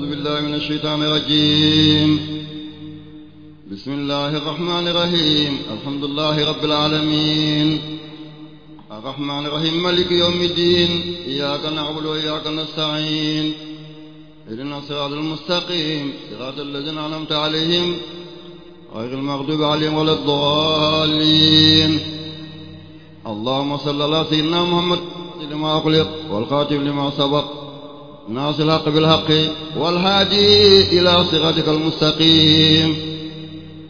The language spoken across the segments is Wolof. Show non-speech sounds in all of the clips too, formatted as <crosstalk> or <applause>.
أعوذ بالله من الشيطان الرجيم بسم الله الرحمن الرحيم الحمد لله رب العالمين الرحمن الرحيم ملك يوم الدين إياك نعبد وإياك نستعين اهدنا الصراط المستقيم صراط الذين أنعمت عليهم غير المغضوب عليهم ولا الضالين اللهم صل على سيدنا محمد لما أخلق والخاتم لما سبق ناصر الحق بالحق والهادي إلى صراطك المستقيم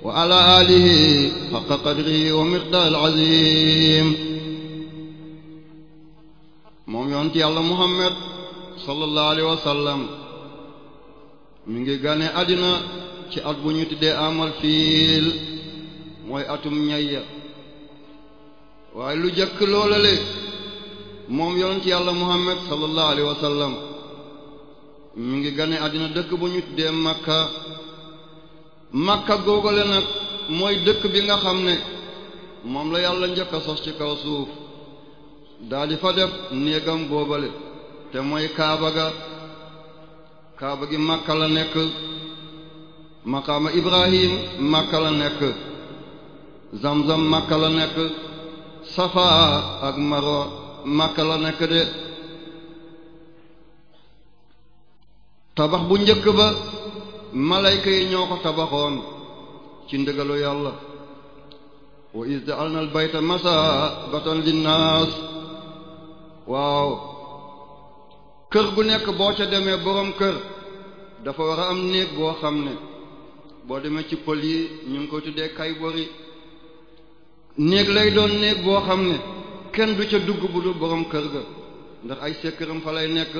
وعلى آله حق قدره ومقدار العظيم moom yonent yàlla Muhammad sallallahu alayhi wa sallam mi ngi gane àddina ci at bu ñu tuddee amal fiil mooy atum ñayya waaye lu jëkk loolale moom yonent yàlla Muhammad sallallahu alayhi wa mi ngi gane àddina dëkk bu ñu tuddee makka makka googale nag mooy dëkk bi nga xam ne moom la yàlla njëkk a sos ci kaw suuf daldi fa def néegam boobale te mooy kaaba ga kaaba gi makka la nekk maqaama ibrahim makka la nekk zamzam makka la nekk safa ak maro makka la nekk de tabax bu njëkk ba malayka yi ñoo ko tabaxoon ci ndëgalu yàlla wa is ja'alna al bayta masabatan linnaas waaw kër gu nekk boo ca demee borom kër dafa war a am néeg boo xam ne boo demee ci pël yi ñu ngi ko tuddee kay bori néeg lay doon néeg boo xam ne kenn du ca dugg bu dul borom kër ga ndax ay sekkëram fa lay nekk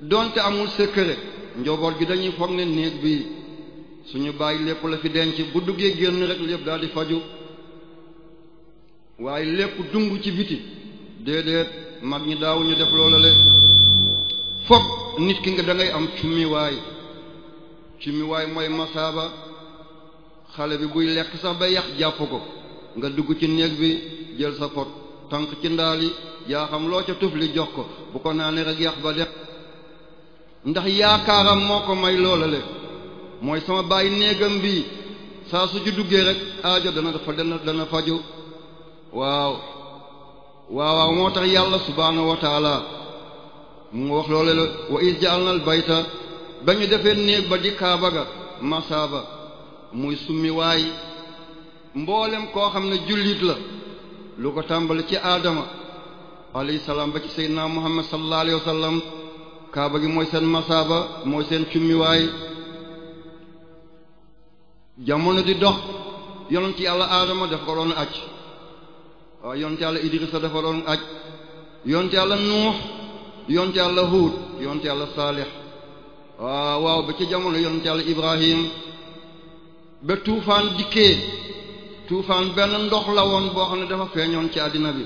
donte amul secret njoboot gi dañuy foog ne néeg bi suñu bàyyi lépp la fi denc bu duggee génn rek lépp daal di faju waaye lépp dung ci biti déedéet mag ñi daawuñu def loola le foog nit ki nga da am cummiwaay cummiwaay mooy masaaba xale bi buy lekk sax ba yàq jàpp ko nga dugg ci néeg bi jël sa pot tànk ci ndaali yaa xam loo ca tuf jox ko bu ko naanee rek yàq ba def ndax yaakaaram moo ko may loolale mooy sama baay néegam bi saa su ci duggee rek aajo dana dafa dana dana faju waaw waawaaw moo tax yàlla subhaanahu wa taala mu wax loole la wa is ja'alna al bayta ba ñu defee néeg ba di kaaba ga masaaba muy summi mboolem koo xam ne jullit la lu ko tàmbali ci aadama alayhi salaam ba ci seydina muhammad sallallahu alayhi wa kaaba gi mooy seen masaaba mooy seen cummiwaay jamono di dox yonent yàlla aadama dafa ko doon aj waaw yonent yàlla idrisa dafa doon aj yonent yàlla nuux àll yàlla huud yonent yàlla saalix waaw waaw ba ci jamono yonent yàlla ibrahim ba tuufaan dikkee tuufaan benn ndox la woon boo xam ne dafa feeñoon ci àddina bi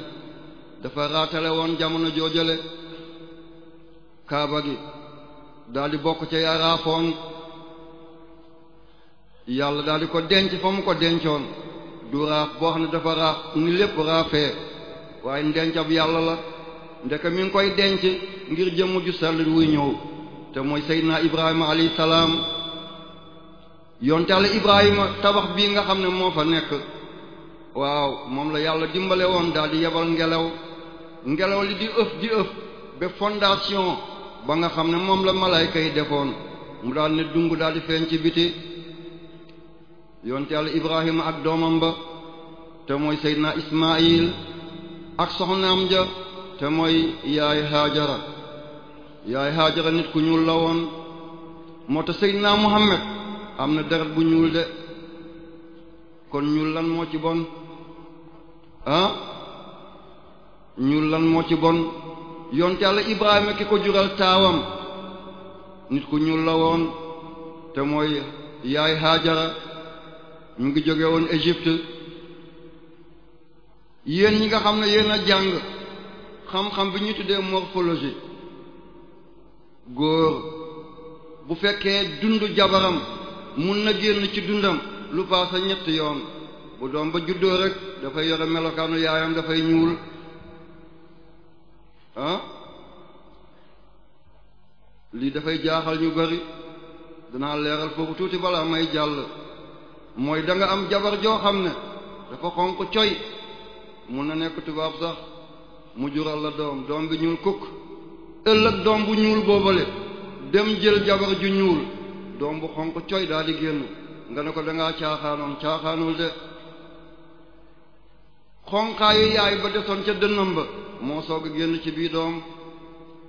dafa raatale woon jamono joojale kaaba gi daal bokk ca yaraafoon yàlla daal di ko denc fa mu ko dencoon du raaf boo xam ne dafa raaf ni lépp raafee waaye ndencab yàlla la ndeke mi koy denc ngir jëmm ju sell wuy ñëw te mooy Seydina Ibrahima alayhi salaam yonte Yàlla Ibrahima tabax bii nga xam ne moo fa nekk waaw moom la yàlla dimbale woon daal di yebal ngelaw ngelaw li di ëf di ëf ba fondation ba nga xam ne moom la malayka yi defoon mu daal ne dung daal di feeñ ci biti yonte yàlla ibrahima ak doomam ba te mooy seydina ismail ak soxnaam ja te mooy yaay haajara yaay haajara nit ku ñuul la woon moo tax seydina muhammad am na deret bu ñuul de kon ñuul lan moo ci bon ah ñuul lan moo ci bon yoon yonte yàlla Ibrahima ki ko jural taawam nit ku ñuul la woon te mooy yaay Haajara mu ngi jóge woon Égypte yéen ñi nga xam ne yéen a jàng xam-xam bi ñu tuddee morphologie góor bu fekkee dund jabaram mun na génn ci dundam lu paase ñett yoon bu doom ba juddoo rek dafay yore melokaanu yaayam dafay ñuul ah lii dafay jaaxal ñu bari danaa leeral foofu tuuti balaa may jàll mooy danga am jabar joo xam ne dafa xonq coy mun na nekk tubaab sax mu jural la doom doom bi ñuul kukk ëllëg doom bu ñuul boobale dem jël jabar ju ñuul doom bu xonq coy daal di génn nga ne ko dangaa caaxaanoon caaxaanul de xonqaayu yaay ba desoon ca dënnam ba moo soog a génn ci bii doom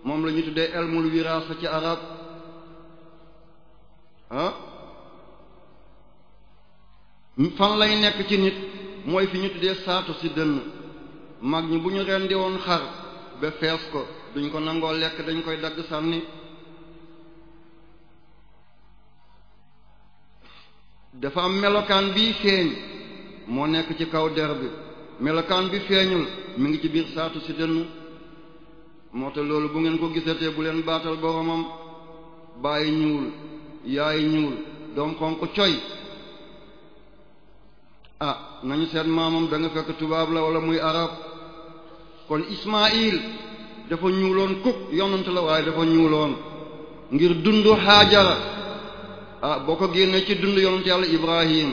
moom lañu ñu tuddee elmul wiraasa ci arab ah fan lay nekk ci nit mooy fi ñu tuddee saatu si dënn mag ñi bu ñu rendi woon xar ba fees ko duñ ko nangoo lekk dañ koy dagg sànni dafa am melokaan bii feeñ moo nekk ci kaw der bi melokaan bi feeñul mu ngi ci biir saatu ci dënn moo te loolu bu ngeen ko gisatee bu leen baatal boromam bàyyi ñuul yaay ñuul doom xonq coy ah nañu seet maamam da fekk tubaab la wala muy arab kon ismail dafa ñuuloon kuk yonent la waaye dafa ñuuloon ngir dund xaajara ah boo ko génnee ci dund yonent yàlla ibrahim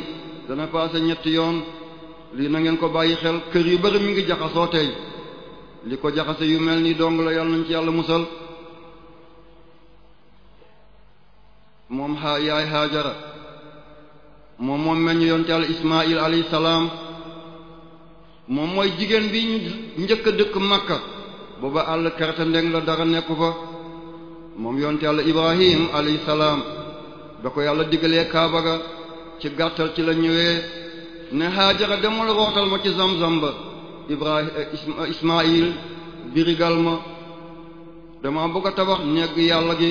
dana paase ñetti yoon lii na ngeen ko bàyyi xel kër yu bari mi ngi jaxasoo tey li ko jaxase yu mel nii dong la yàlla nañ ci yàlla musal moom aa yaay Haajara moom moom meññ yonte al Ismaayil alayhi salaam moom mooy jigéen bi njëkk a dëkk Makka booba àll karta ndeng la dara nekk ko moom yonte yàlla Ibrahim alayhi salaam da ko yàlla diggalee Kaaba ga ci gàttal ci la ñëwee ne Haajara demul rootal ma ci zam-zam ba Ibrahim eh, Ismaayil eh, birigal ma dama bëgg a tabax néeg yàlla gi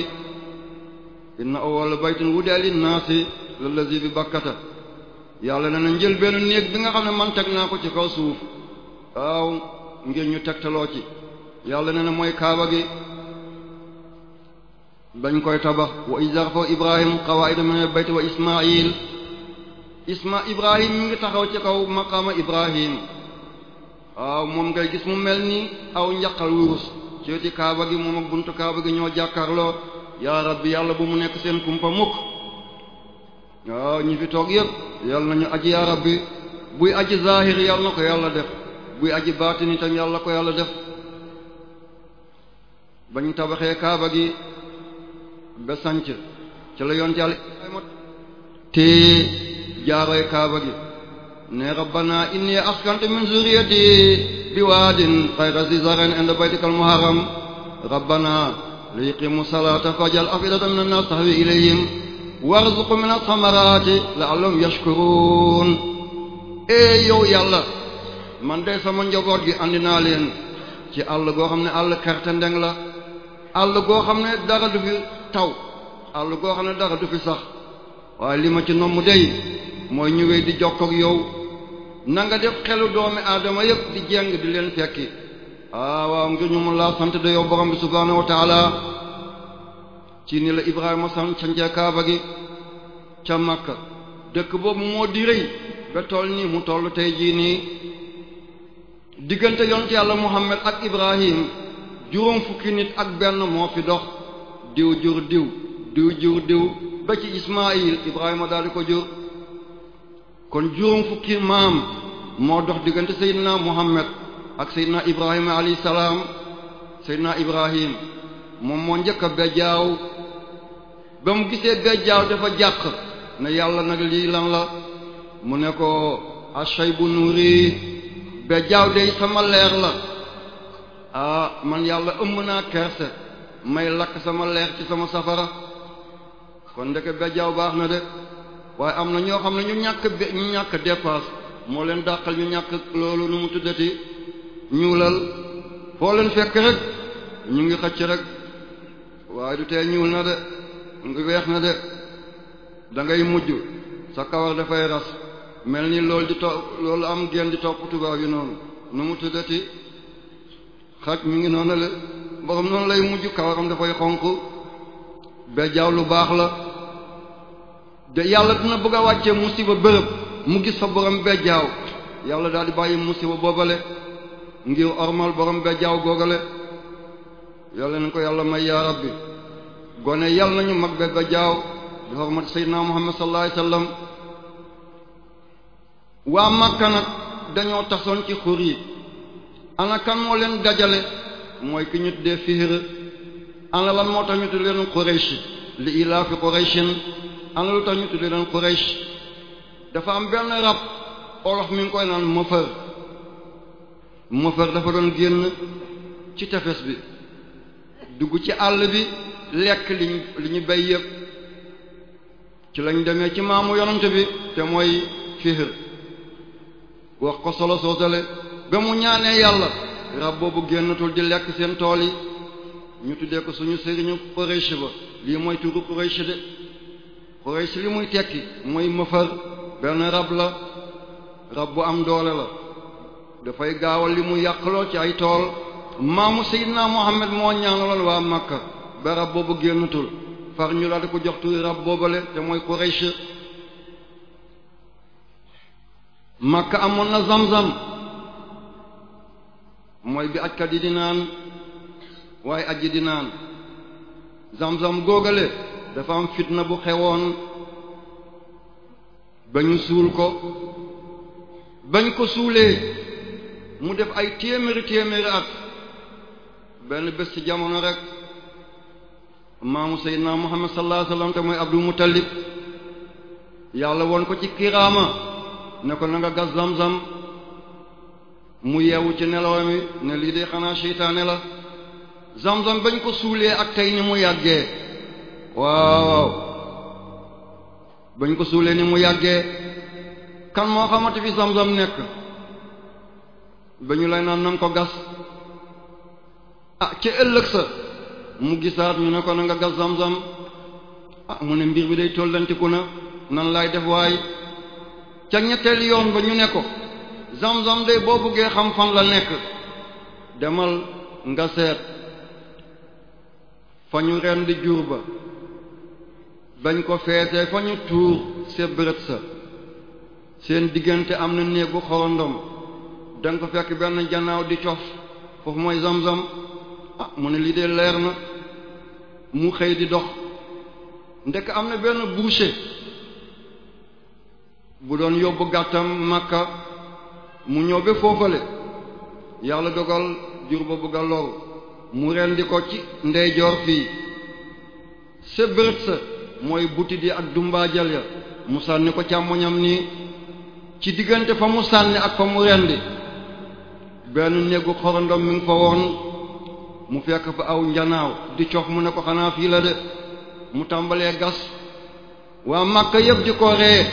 na inna awwala baytin wudi'a linnaasi lallazi bi bakkata yàlla na na njël benn néeg bi nga xam ne man teg naa ko ci kaw suuf waaw ngir ñu tegtaloo ci yàlla na na mooy kaaba gi bañ koy tabax wa iz yarfa'u Ibrahim qawaa'ida min al-bayti wa Ismaayil isma ibrahim mi ngi taxaw ci kaw maqama ibrahim waaw moom ngay gis mu mel ni aw njaqal wurus ci weti kaaba gi moom ak buntu kaaba gi ñoo jàkkarloo yaa rabbi yàlla bu mu nekk seen kumpa mukk waaw ñi fi toog yëpp yàlla nañu aji yaa rabbi buy aj zahir yàlla na ko yàlla def buy aji yi tam yàlla na ko yàlla def bañ tabaxee kaaba gi ba sanc ci la yoon ci yàlla te jaaroy kaaba gi ne rabbana inni askantu min zuriyati bi waadin xayra zi zarin inda baytikal muharram rabbana liqimu salata fajal afidatan min annas tahwi ilayhim warzuq min athamarati la'allahum yashkurun ee yow yàlla man de sama njaboot gi andi naa leen ci àll goo xam ne àll karte ndeng la goo xam ne dara du fi taw àll goo xam ne dara du fi sax waaye li ma ci nomm dey mooy ñu wéy di jokkoog yow nanga nga def xelu doomi aadama yëpp di jeng di leen fekki ah waaw laa sant de yow borom bi subhaanahu wa ci ni la Ibrahima sant sancee kaaba gi ca Makka dëkk boobu moo di rëy ba toll nii mu toll tey jii nii diggante yonte yàlla Muhammad ak Ibrahim juróom fukki nit ak benn moo fi dox diw jur diw diw jur diw ba ci Ismaayil Ibrahima daal di ko jur kon juróom fukki maam moo dox diggante Seydina Muhammad ak Seydina Ibrahima alayhi salaam Seydina Ibrahim moom moo njëkk a bejjaaw ba mu gisee bejjaaw dafa jàq ne yàlla nag lii lan la mu ne ko ashaybu nuuri bejjaaw day sama leer la ah man yàlla ëmb naa kerse may lakk sama leer ci sama safara kon ndeke bejjaaw baax na de waaye am na ñoo xam ne ñu ñàkk ñu ñàkk dépasse moo leen dàqal ñu ñàkk loolu nu mu tuddati ñuulal foo leen fekk rek ñu ngi xëcc rek waaye du tee ñuul na de ngi weex na de da mujj sa kawar dafay ras mel nii loolu di topp loolu am génn di topp tubaab yi noonu nu mu tuddati xaj mi ngi noonu la borom noonu lay mujj kawaram dafay xonq be lu baax la de yàlla dina bëgg a wàccee musiba bërëb mu gis fa borom be jaaw yàlla daal di bàyyi musiba boobale ngir ormal borom be jaaw googale yàlla ko yàlla may gone yàlla nañu mag be be jaaw di muhammad sallallahu alayhi waa Makka nag dañoo tasoon ci xur yi ana moo leen dajale mooy ki ñu tuddee Fihr ana moo tax ñu tudd leen Quraysh li ilaafi Qurayshin ana lu tax ñu tudd leen dafa am benn rab olof mi ngi koy naan mëfër mëfër dafa doon génn ci tefes bi dugg ci àll bi lekk li ñu li ñu bay yëpp ci lañ demee ci maamu yonante bi te mooy Fihr wax ko solo soosale ba mu ñaanee yàlla rab boobu génnatul di lekk seen tool yi ñu tuddee ko suñu sëriñu Quraysh ba lii mooy turu Quraysh de Quraysh li muy tekki mooy mëfar benn rab la rab bu am doole la dafay gaawal li mu yàqloo ci ay tool maamu Seydina Muhammad moo ñaanaloon waa Makka ba rab boobu génnatul far ñu daal di ko jox turi rab boobale te mooy Quraysh Makka amoon na Zamzam mooy bi ajkat yi di naan waaye aji di naan zam-zam góogale dafa am fitna bu xewoon ba suul ko bañ ko suulee mu def ay téeméeri téeméeri at benn bés ci jamono rek maamu seydina muhammad sallallahu alayhi wasallam te mooy abdul muttalib yàlla woon ko ci kiraama ne ko na gas zam mu yeewu ci nelaw mi ne lii de xanaa seytaane la zamzam bañ ko suulee ak tey ni mu yàggee waaw bañ ko suulee ni mu yàggee kan moo xamante fi zamzam nekk ba ñu lay naan nanga ko gas ah ci ëllëg sa mu gisaat ñu ne ko na nga gas zamzam ah mu ne mbir bi day tollantiku na nan laay def waay ca ñetteel yoon ba ñu ne ko zamzam day boo bëggee xam fan la nekk demal nga seet fa ñu rendi jur ba bañ ko feetee fa ñu tuur sa bërët sa seen diggante am na néegu xorondom danga ko fekk benn jannaaw di cof foofu mooy zam-zam ah mu ne lii de leer na mu xëy di dox ndekk am na benn boucher bu doon yóbbu gàttam Makka mu ñëw ba foofale yàlla dogal jur ba bëgg loru mu rendi ko ci ndeyjoor fii sa bërët sa mooy butit yi ak dumbaajal ya mu sànni ko càmmoñam nii ci diggante fa mu sànni ak fa mu rendi benn néegu xorondom mi ngi fa woon mu fekk fa aw njanaaw di cox mu ne ko xanaa fii la de mu tàmbalee gas waa Makka yëpp di ko ree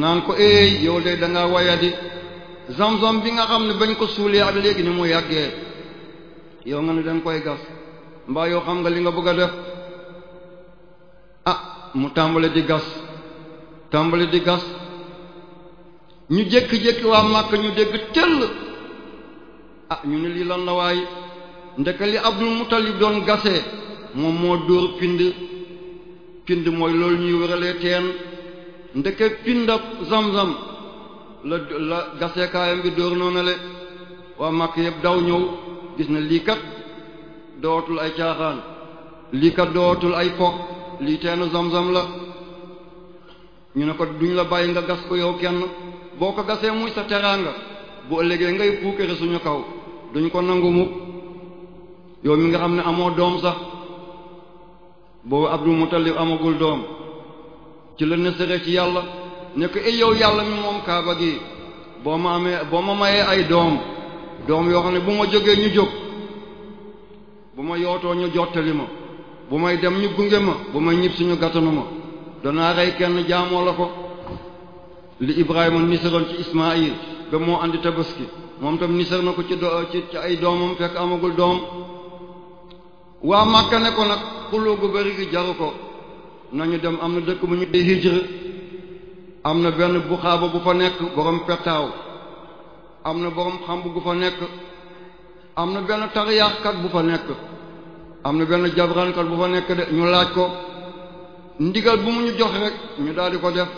naan ko éey yow de da nga wayadi zamzam bi nga xam ne bañ ko suulee ak léegi ni mu yàggee yow nga ne dañ koy gas mbaa yow xam nga li nga bëgg a def ah mu tàmbale di gas tàmbale di gas ñu jékki-jékki waa màkk ñu dégg tell ah ñu ne lii lan la waay ndeke li Abdul Muttalib doon gasee moom moo dóor pind pind mooy loolu ñuy wëralee teen ndeke pindab zam-zam la la gaseekaayam bi dóor noonale waa màkk yëpp daw ñëw gis na lii kat dootul ay caaxaan lii kat dootul ay po lii teenu zam-zam la ñu ne ko duñ la bàyyi nga gas ko yow kenn boo ko gasee muy sa teraanga boo ëllëgee ngay puukere suñu kaw duñ ko nangu mukk yow mi nga xam ne amoo doom sax boobu Abdul Muttalib amagul doom ci la nësëre ci yàlla ne ko ey eh, yow yàlla mi moom kaaba gi boo ma amee boo ma mayee ay doom doom yoo xam ne bu ma jógee ñu jóg bu ma yootoo ñu jottali ma bu may dem ñu gunge ma bu may ñib suñu gàttanu ma danaa rey kenn jaamoo la ko li Ibrahima nisaroon ci Ismaïl ba moo andi tabaski moom tam nisar na ko ci ci ay doomam fekk amagul doom waa Màkka ne ko nag xuloo gu bari gi jaru ko nañu dem am na dëkk bu ñu dee hijra am na benn buxaaba bu fa nekk borom pettaaw am na boroom xamb gu fa nekk am na benn tariyaaxkat bu fa nekk am na benn jabrankat bu fa nekk de ñu laaj ko ndigal bu mu ñu jox rek ñu daal di ko def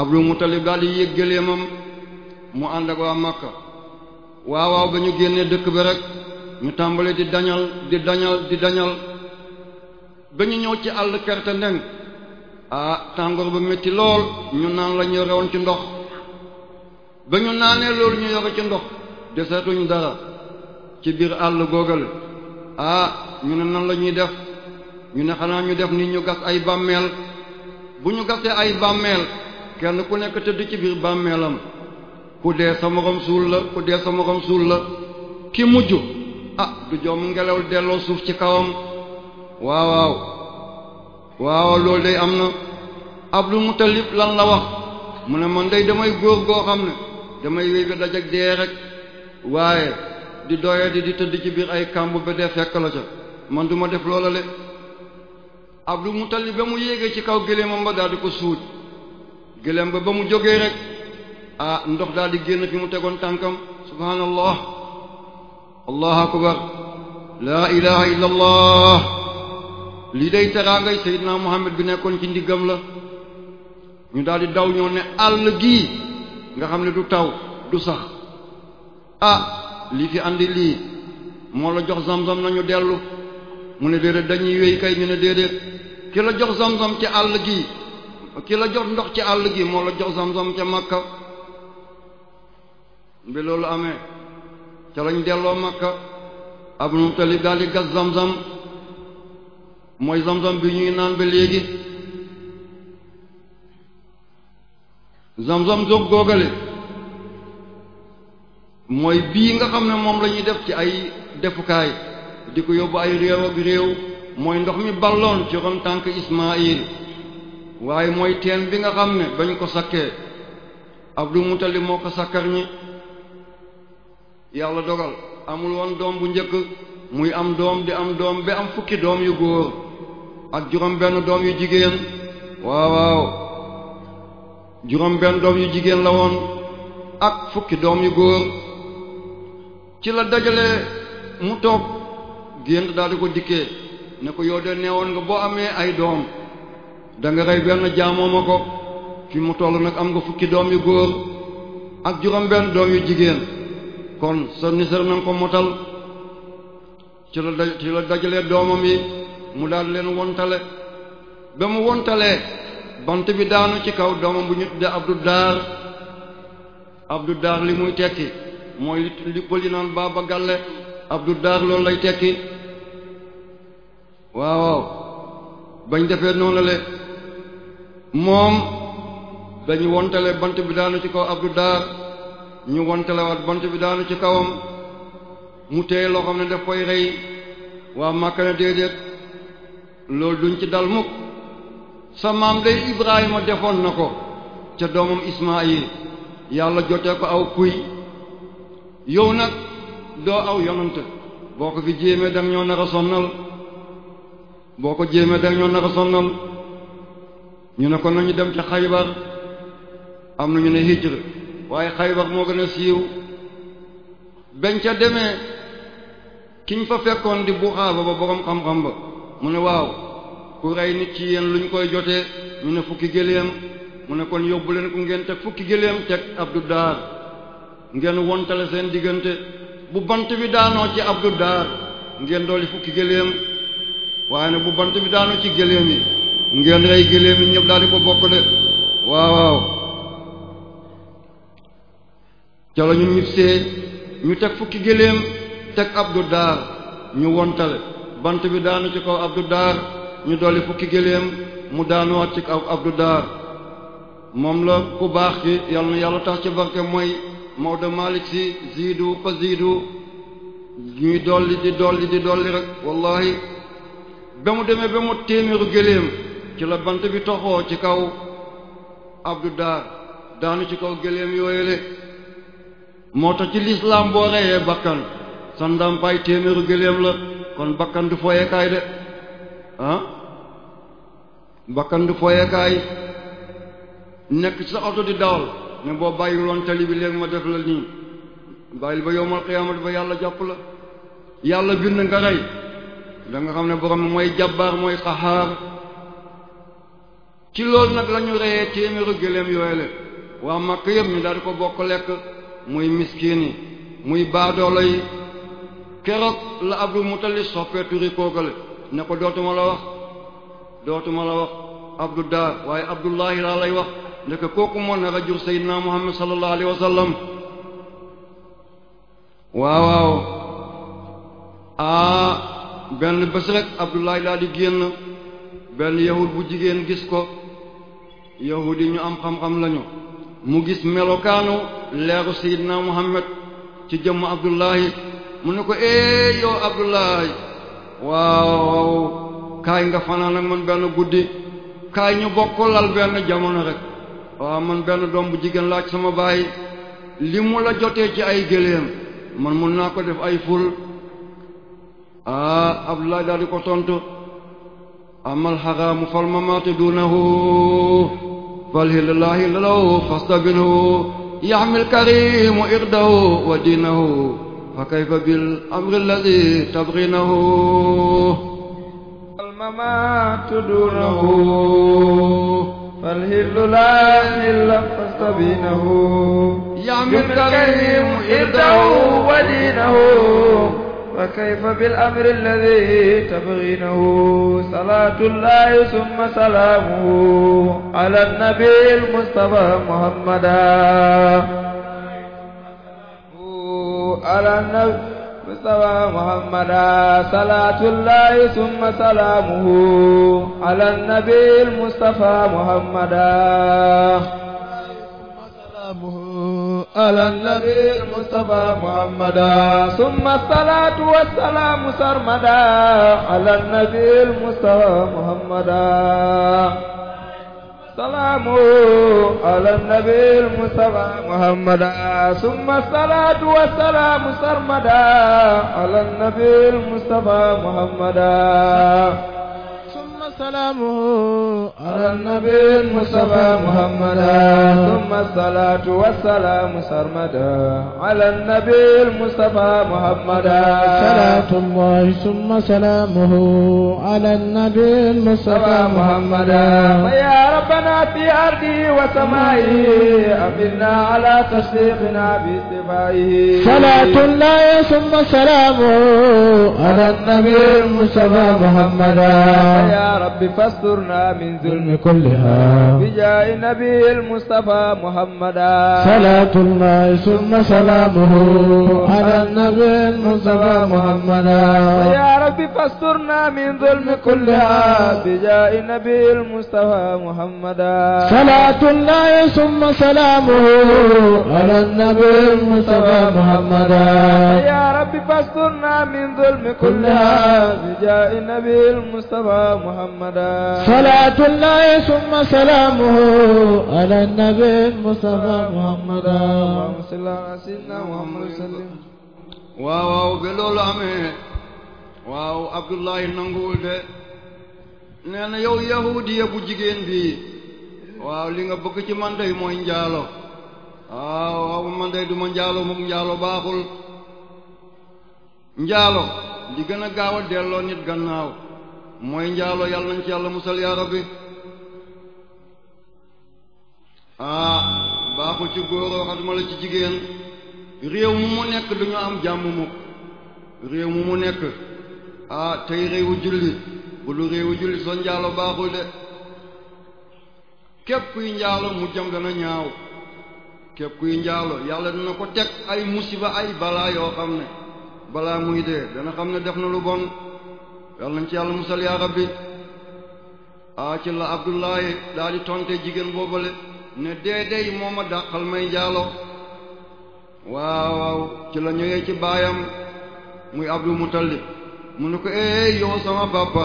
Abdul Mutalib daal di yéeg gëléemam mu ànd ak waa Makka waaw waaw ñu génnee dëkk bi rek ñu tàmbale di dañal di dañal di dañal ba ñu ñëw ci àll kerte ndeng ah tàngoor ba metti lool ñu naan la ñu ci ndox ba ñu naanee loolu ñu yore ci ndox deseetuñ dara ci biir àll googal ah ñu ne nan la ñuy def ñu ne xanaa ñu def nit ñu gas ay bàmmeel bu ñu gasee ay bàmmeel kenn ku nekk tëdd ci biir bàmmeelam ku dee sa morom suul la ku dee sa morom suul la ki mujj ah du joom ngelaw delloo suuf ci kawam waaw waaw loolu day am na Abdul Muttalib lan la wax mu ne man day damay góor goo xam ne damay wéy ba dajak dee rek waaye di doye di di tëdd ci biir ay kàmb ba dee fekk la ca man du ma def loola le Abdul Muttalib ba mu yéegee ci kaw gëléemam ba daal di ko suuj gëléem ba ba mu jógee rek ah ndox daal di génn fi mu tegoon tànkam subhaanallah allahu akbar laa ilaha illa allah lii day teraangay Muhammad bi nekkoon ci ndiggam la ñu daal di daw ñoo ne àll gii nga xam ne du taw du sax ah li fi andi lii moo la jox zam-zam nañu dellu mu ne déedéet dañuy wéy kay ñu ne déedéet ki la jox zam-zam ci àll gi ki la jox ndox ci àll gi moo la jox zam-zam ca makka bi loolu amee ca lañ delloo makka Abdul Muttalib daal di gas zam-zam mooy zam-zam bi ñuy naan ba léegi zam-zam jóg googale mooy bii nga xam ne moom lañuy def ci ay defukaay di ko yóbbu ay réew réew mooy ndox mi balloon ci ron tànk Ismaayil waaye mooy teen bi nga xam ne bañ ko sakkee Abdul Mutalib moo ko sakkar ñi yàlla dogal amul woon doom bu njëkk muy am doom di am doom ba am fukki doom yu góor ak juróom benn doom yu jigéen waaw juróom benn doom yu jigéen la woon ak fukki doom yu góor ci la dajale mu toog gént daal ko dikkee ne ko yow de nee woon nga boo amee ay doom da nga rey benn jaamoo ko fi mu toll nag am nga fukki doom yu góor ak juróom benn doom yu jigéen kon sa nisar na ko motal ci la dajale doomam yi mu daal leen wontale ba mu wontalee bant bi daanu ci kaw doomam bu ñu tuddee Abdou Dar Abdou Dar li muy tekki mooy li pëli naan Baba Galle Abdou Dar lool lay tekki waaw bañ defee noonu moom dañu wontale bant bi daanu ci kaw Abdou Dar ñu wontalewaat bant bi daanu ci kawam mu téye loo xam ne daf koy rey waa Makka ne déedéet loolu duñ ci dal mukk sa maam day Ibrahima defoon na ko ca doomam Ismaayil yàlla jotee ko aw kuy yow nag doo aw yonant boo ko fi jéemee danga ñoo nar sonnal boo ko jéemee danga ñoo nar sonnal ñu ne ko nañu dem ca xaybar am na ñu ne hijr waaye xaybar moo gën a siiw bañ ca demee kiñ fa fekkoon di buxaaba ba boroom xam-xam ba mu ne waaw ku rey nit ci yéen lu ñu koy jotee ñu ne fukki géléem mu ne kon yóbbu leen ku ngeen teg fukki géléem teg abdu daar ngeen wontale seen diggante bu bant bi daanoo ci abdu daar ngeen dooli fukki géléem waaye bu bant bi daanoo ci géléem yi ngeen rey géléem yi ñëpp daal di ko bokk de waaw waaw ca ñu ñibbisee ñu teg fukki géléem teg abdu daar ñu wontale bant bi daanu ci kaw abdu daar ñu dolli fukki géléem mu daanoo ci kaw abdu moom la ku baax ki yàlla na yàlla tax ci barke mooy Maodo Malick si ziidu fa ziidu ñuy dolli di dolli di dolli rek wallahi ba mu demee ba mu téeméeru géléem ci la bant bi toxoo ci kaw abdu daanu ci kaw géléem yooyule moo tax ci lislaam boo reyee bakkan sa ndàmpaay téeméeru géléem la kon bakkan du foyekaay de ah bakkan du foyekaay nekk sa oto di dawal ne boo bàyyiloon tali bi léegi ma def la nii bàyyil ba yowmal qiyaamati ba yàlla jàpp la yàlla bind nga rey da xam ne borom mooy jabbaar mooy xaxaar ci loolu nag la ñu reyee téeméeru gëléem yooyu la waa màkk yëpp ñu daal ko bokk lekk muy miskin yi muy baadoolo yi keroog la Abdul Mutalib soppee turi kookale ne ko dootuma la wax dootuma la wax abdu waaye abdullahi laa lay wax ndeke kooku moo nar a jur seydina muhammad sallallahu alayhi wa sallam aa benn bés rek abdullahi laa di génn benn yahud bu jigéen gis ko yahud yi ñu am xam-xam lañu mu gis melokaanu leeru seydina muhammad ci jëmm abdullahi mu ne ko ee yow waaw kaay nga fanaan ak man benn guddi kaay ñu bokk benn jamono rek waa man benn doom bu jigéen laaj sama baay li mu la jotee ci ay géléem man mun naa ko def ay ful ah Abdoulaye daal di ko tontu amal xaraamu fal mamaati duunahu fal hillaahi lalahu fastabilhu yaxmil karimu irdahu wa diinahu فكيف بالأمر الذي تبغينه الممات دونه فالهل لا هل فاستبينه يعمل كريم إرده ودينه فكيف بالأمر الذي تبغينه صلاة الله ثم سلامه على النبي المصطفى محمدا على النبي مصطفى محمدا صلاة الله ثم سلامه على النبي المصطفى محمدا على النبي المصطفى محمدا ثم الصلاة والسلام سرمدا على النبي المصطفى محمدا السلام على النبي المصطفى محمد ثم الصلاة والسلام سرمدا على النبي المصطفى محمد وسلامه على النبي المصطفى محمدا ثم الصلاة والسلام سرمدا على النبي المصطفى محمدا صلاة الله ثم سلامه على النبي المصطفى محمدا فيا ربنا في أرضه وسمائه أمنا على تصديقنا باستفائه صلاة الله ثم سلامه على النبي المصطفى محمدا فيا رب رب فاسترنا من ظلم كلها بجاه النبي المصطفى محمدا صلاة الله ثم سلامه على النبي المصطفى محمدا يا رب فاسترنا من ظلم كلها بجاه النبي المصطفى محمدا صلاة الله ثم سلامه على النبي المصطفى محمدا يا رب رب فاسترنا من ظلم كلها بجاء النبي المصطفى محمدا صلاة الله ثم سلامه على النبي المصطفى محمدا اللهم صل على سيدنا محمد وسلم waaw waaw bi loolu amee waaw Abdullahi nanguwul de nee na yow yahudiya bu jigéen bi waaw li nga bëgg ci man day mooy njaalo waaw waaw man day du ma njaalo moom njaalo baaxul njaalo di gën a gaaw a delloo nit gannaaw mooy njaalo yàlla nañ ci yàlla musal yaa rabbi ah baaxul ci góor waxatuma la ci jigéen réew mu mu nekk duñu am jàmm mukk réew mu mu nekk ah tey réewu jullit bu lu réew jullit soo njaalo baaxul de képp kuy njaalo mu jëm dana ñaaw képp kuy njaalo yàlla dina ko teg ay musiba ay balaa yoo xam ne balaa muy de dana xam ne def na lu bon yàlla nañ ci yàlla musal yaa rabbi a ci la abdullahi daal di tonte jigéen boobale ne deedey moo ma dàqal may njaalo waaw ci la ñëwee ci baayam muy abdul mutallib mu ne ko eey yow sama papa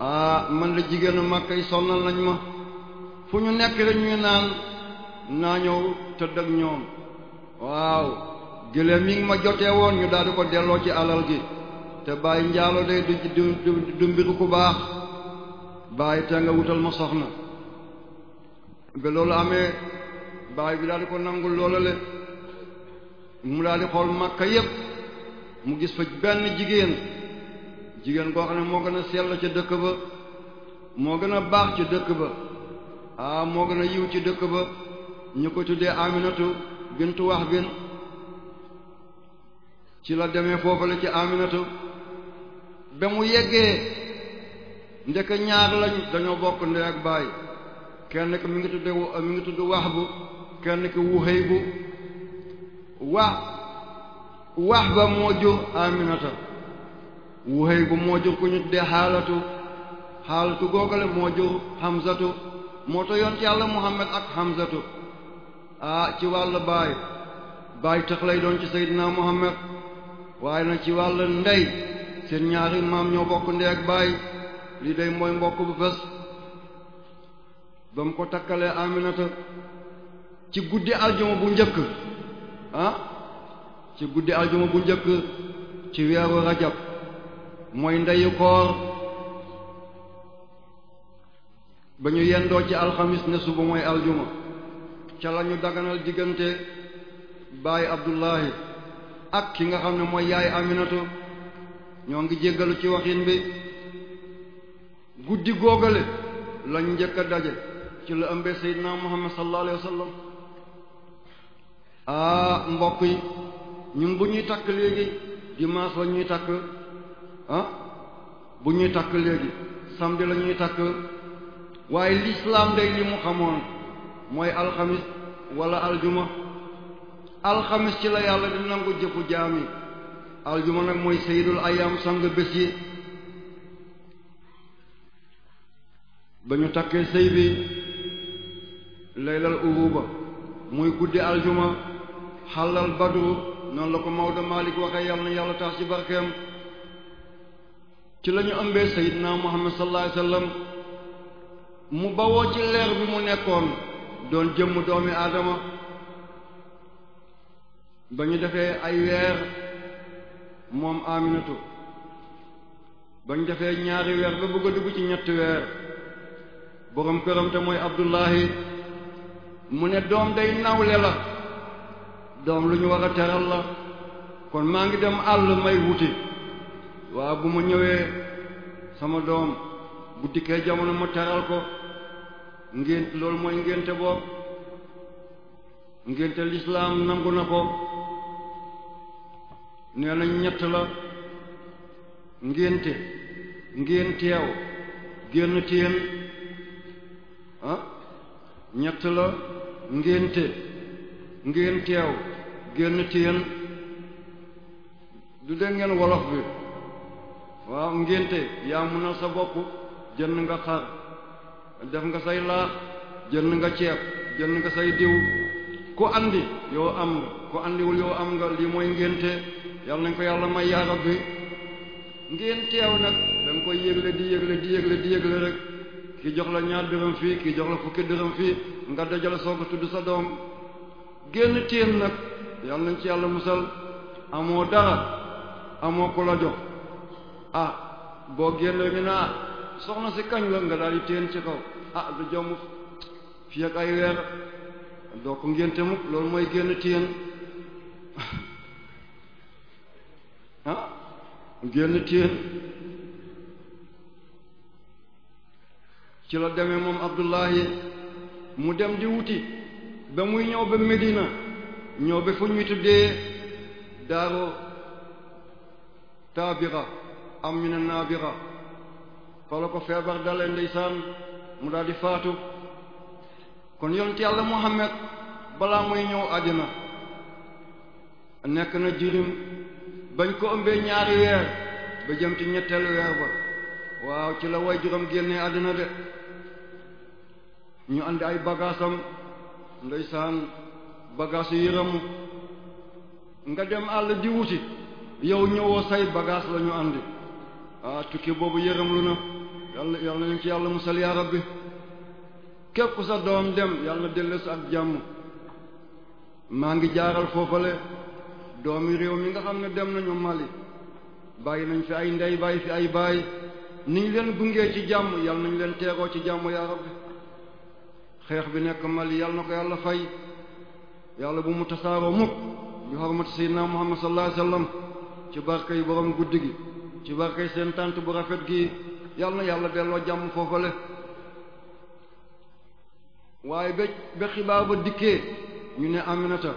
ah man la jigéenu màkk yi sonnal nañ ma fu ñu nekk rek ñuy naan naa ñëw tëdd ak ñoom waaw gëléem mi ngi ma jotee woon ñu daal di ko delloo ci alal gi te bàyyi njaalo day du du du mbiru ku baax bàyyi te nga wutal ma soxna ba loolu amee bàyyi bi daal di ko nangu loolale mu daal di xool Makka yépp mu gis fa benn jigéen jigéen koo xam ne moo gën a sell ca dëkk ba moo gën a baax ca dëkk ba ah moo gën a yiw ci dëkk ba ñu ko tuddee Aminatu bintu Wahb ci la demee foofale ci aminata ba mu yeggee ndek ñaar lañu dañoo bokk ndey ak baay kenn ki mi ngi tudde mi ngi tudd wax bu kenn ki wuxëy bu wax wax ba moo jur aminata wuxëy bu moo jur ku ñu tuddee xaalatu xaalatu googale moo jur xamsatu moo tax yoon ci yàlla muhammad ak xamsatu ah ci wàll baay baay tax doon ci seydina muhammad waaye na ci wàll ndey seen ñaari maam ñoo bokk ndey ak baay lii day mooy mbokk bu fes ba mu ko takkalee Aminata ci guddi aljuma bu njëkk ah, ci guddi aljuma bu njëkk ci weeru rajab mooy ndeyu koor ba ñu yendoo ci alxamis ne suba mooy aljuma ca la ñu daganal diggante baay Abdullahi ak ki nga xam ne mooy yaay aminatu ñoo ngi jéggalu ci waxin bi guddi googale lañ njëkk daje ci la ëmbee seydina muhammad sallallahu alayhi wa sallam ah, mbokk yi ñun bu ñuy takk léegi dimanche la ñuy takk ah, bu ñuy takk léegi samedi la takk waaye l'islam day li mu xamoon mooy alxamis wala aljuma alxamis ci la yàlla di nangu jëfu jaam aljuma nag mooy sayyidul ayam sang bés yi ba ñu takkee sëy bi laylal uruba muy guddi aljuma xalal badru noonu la ko Maodo Malick waxee yàlla na yàlla tax ci barkeem ci la ñu ëmbee sayyidna Muhammad sallallahu alayhi wasallam mu bawoo ci leer bi mu nekkoon doon jëmm doomi aadama ba ñu defee ay weer moom Aminatu ba defee ñaari weer ba bëgg a dugg ci ñetti weer borom këram te mooy Abdullahi mu ne doom day nawle la doom lu ñu war a teral la kon maa ngi dem àll may wuti waa bu ma ñëwee sama doom bu dikkee jamono ma teral ko ngént loolu mooy ngénte boobu ngénte lislaam nangu na ko nee nañ ñett la ngénte ngéen teew génn téen ah ñett la ngénte ngéen teew génn téen du dégg ngeen wolof bi waaw ngénte yaa munal sa bopp jënd nga xar def nga say laax jënd nga ceeb jënd nga say diw ku andi yow am nga ku andiwul yow am nga lii mooy ngénte yal nañ ko yàlla may yaa rabbi ngeen teew nag da koy yëgle di yëgle di yëgle rek ki jox la ñaar dërëm fii ki jox la fukki dërëm fii nga dajale soo ko tudd sa doom génn téen nag yal nañ ci yàlla musal amoo dara amoo ko la jox ah boo génn ñu naa soxna si kañ la nga daal di téen ci kaw ah du jomm fii ak ay weer doo ko ngénte mukk loolu mooy génn téen ah génn téen ci la demee moom Abdullahi mu dem di wuti ba muy ñëw ba Medina ñëw ba fu ñuy tuddee daaru taabira am ñu ne naabira fa ko feebar dalee ndeysaan mu daal di faatu kon yonent yàlla Muhammad balaa muy ñëw àddina nekk na jirim bañ ko ëmbee ñaari weer ba jëm ci ñetteelu weer ba waaw ci la way juróom génnee àddina de ñu andi ay bagaasam ndeysaan bagaas yi yërëm nga dem àll di wuti yow ñëwoo say bagaas la ñu andi ah tukki boobu yërëm lu na yàlla yàlla nañ ci yàlla musal yaa rabbi képp sa doom dem yàlla na dellees ak jàmm maa ngi jaaral foofale doomi réew mi nga xam ne dem nañu Mali bàyyi nañ fi ay ndey bàyyi fi ay baay ni ñu leen gungee ci jàmm yal nañu leen teeroo ci jàmm yaa rabbi xeex bi nekk Mali yal na ko yàlla fay yàlla bu mu tasaaroo mukk ñu xormat sayyidina Muhammad sallallahu alayhi wasallam ci barkay borom guddi gi ci barkay seen tànt bu rafet gi yal na yàlla delloo jàmm foofale waaye ba ba xibaar ba dikkee ñu ne Aminata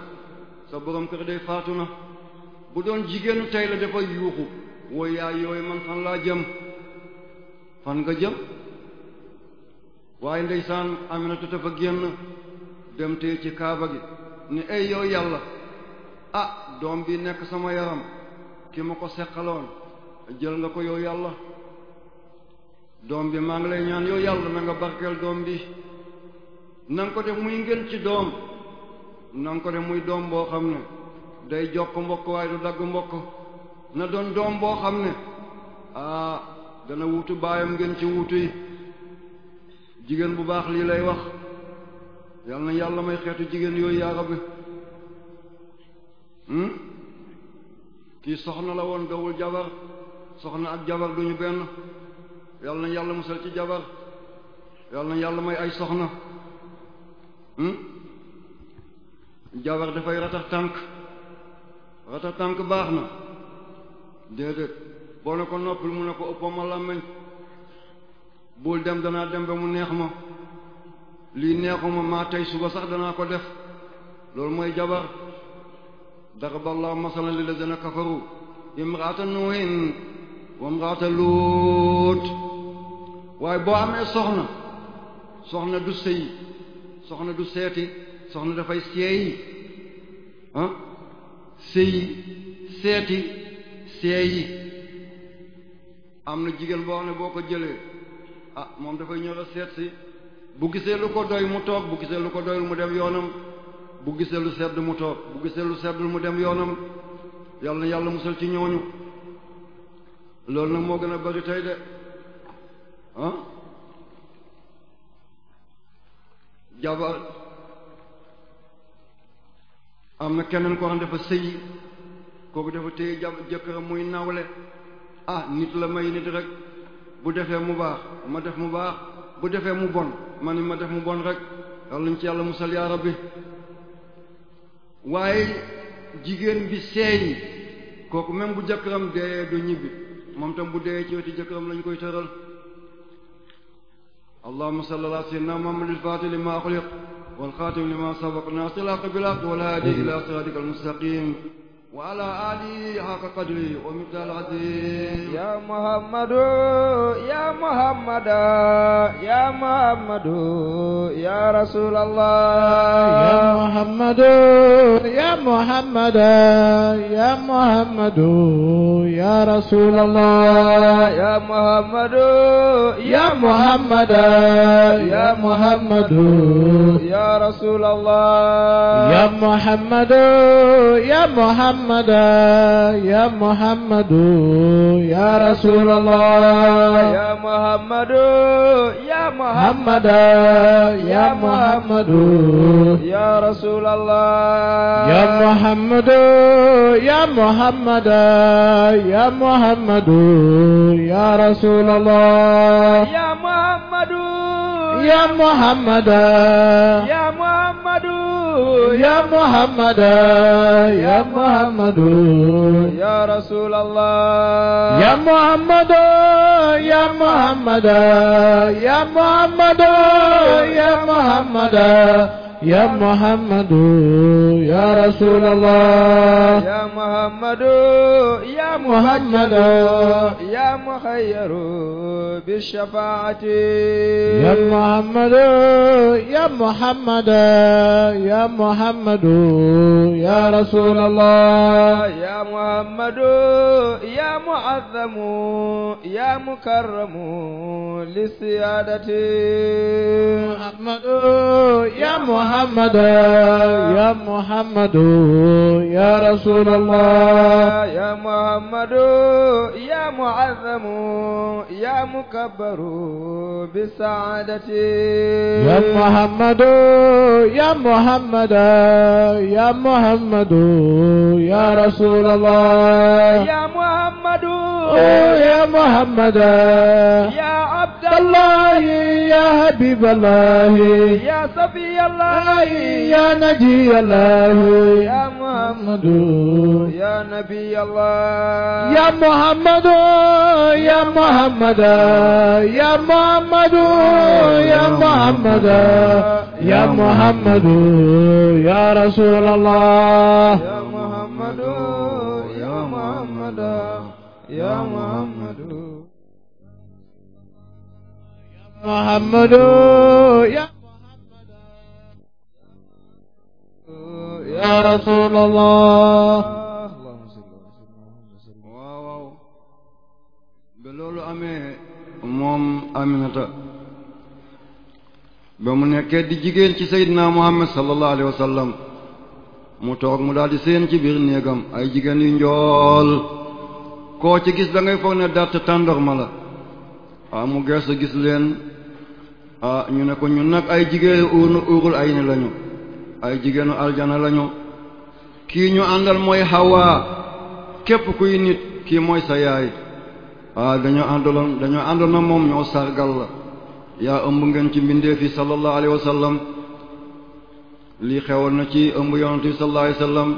sa borom kër day faatu na bu doon jigéenu tey la dafa yuuxu wooy yaay yooyu man fan laa jëm fan nga jëm waaye ndeysaan Aminata dafa génn dem tey ci kaaba gi ni ay yow yàlla a ah, doom bi nekk sama yaram ki ma ko seqaloon jël nga ko yow yàlla doom bi maa ngi lay ñaan yow yàlla na nga barkeel doom bi na ko def muy ngeen ci doom na ko ne muy doom boo xam ne day jokk mbokk waaye du dagg mbokk na doon doom boo xam ne ah dana wuutu baayam ngeen ci wuutu yi jigéen bu baax lii lay wax yal na yàlla may xeetu jigéen yooyu yaara bi hmm? kii soxna la woon dowul jabar soxna ak jabar duñu benn yal na yàlla musal ci jabar yal na yàlla may ay soxna hmm? jawar dafay ratax tànk ratax tànk baax na déedéet boo ne ko noppil mu ne ko ëppoo ma làmmiñ bul dem danaa dem ba mu neex ma lii neexuma maa tey suba sax danaa ko def loolu mooy jabar daraballahu masalan lillazina kafaru imraata nuhin soxna soxna du sëy soxna du seeti soxna dafay seey ah seeti seeyi am na jigéen boo xam ne boo ko jëlee a ah, moom dafay ñëw la bu gisee lu ko doy mu toog bu gisee lu ko doyul mu dem yoonam bu gisee lu sedd mu toog bu gisee lu seddul mu dem yoonam yàlla na yàlla musal ci ñooñu loolu nag moo gën a bari tey de ah. jabar am na keneen ko xam dafa sëyi kooku dafa téye jàpp jëkkëram muy nawle ah nit la may nit rek bu defee mu baax ma def mu baax bu defee mu bon ma ni ma def mu bon rek yàlla nañ ci yàlla musal yaa rabbi waaye jigéen bi seeñ kooku même bu jëkkëram dee du ñibbi moom tam bu dee ci wetu jëkkëram lañ koy tëral allahumma salli ala sayyidina muhammadil fatih li ma xuliq والخاتم لما سبق ناصر الحق بالحق والهادي إلى صراطك المستقيم وعلى آله حق قدره ومقدار العظيم يا محمد يا محمد يا محمد يا رسول الله يا محمد يا محمد يا محمد يا رسول الله يا محمد يا محمد يا محمد يا رسول الله يا محمد يا محمد يا محمد يا رسول الله يا محمد محمد يا محمد يا رسول الله يا محمد يا محمد يا محمد يا رسول الله يا محمد يا محمد يا محمد يا محمد يا محمد يا رسول الله يا محمد يا محمد يا محمد يا محمد يا محمد يا رسول الله يا محمد يا محمد يا مخير بالشفاعة يا محمد يا محمد يا محمد يا رسول الله يا محمد يا معظم يا مكرم للسيادة محمد يا محمد محمد يا محمد يا رسول الله يا محمد يا معظم يا مكبر بسعادتي يا محمد يا محمد يا محمد يا رسول الله يا محمد يا محمد يا عبد الله يا حبيب الله يا صفي الله يا نجي الله يا محمد يا نبي الله يا محمد يا محمد يا محمد يا محمد يا محمد يا رسول الله يا محمد يا محمد يا محمد يا محمد يا رسول الله loolu amee moom Aminata ba mu nekkee di jigéen ci Seydina Muhammad sallallahu alayhi wa sallam mu toog mu daal di seen ci biir néegam ay jigéen yu njool koo ci gis da ngay foog ne date tàndorma la ah mu gersa gis leen ah, ñu ne ko ñun nag ay jigéenu uurnu uurul ay ni lañu ay jigéenu aljana lañu kii ñu àndal mooy Hawa képp kuy nit kii mooy sa yaay a ah, dañoo àndaloon dañoo àndoon moom ñoo sargal la yaa ëmb ngeen ci mbindeef yi sallallahu alayhi wa sallam lii xewoon na ci ëmb yonent bi sallallahu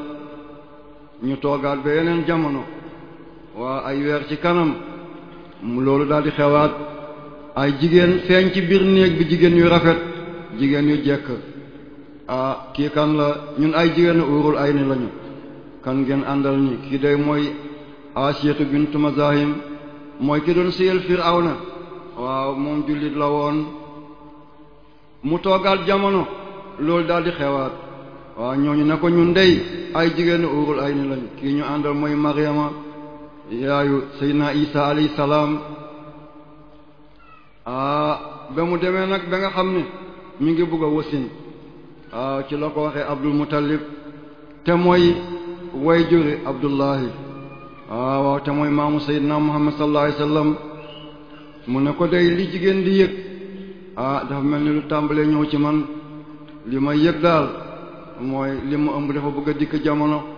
ñu toogaat ba yeneen jamono waa ay weer ci kanam loolu daal di xewaat ay jigéen feeñ ci biir néeg bi jigéen yu rafet jigéen yu jekk ah kii kan la ñun ay jigéen uurul ay ni lañu kan ngeen àndal ni kii day mooy asiyatu bintu mazahim mooy ki doon siyal firawna waaw moom jullit la woon mu toogaat jamono loolu daal xewaat waa ñooñu ne ko ñun dey ay jigéen uurul ay ni lañu kii ñu àndal mooy mariama yaayu Seydina Isa alayhi salaam ah ba mu demee nag ba nga xam ni mi ngi bugg a wasin ah ci la ko waxee Abdul Muttalib te mooy way juri Abdullahi ah waaw te mooy maamu Seydina Muhammad sallallahu alayhi wasallam mu ne ko day li jigéen di yëg ah dafa mel ni lu tàmbalee ñëw ci man li may yëg daal mooy li mu ëmb dafa bëgg a dikk jamono.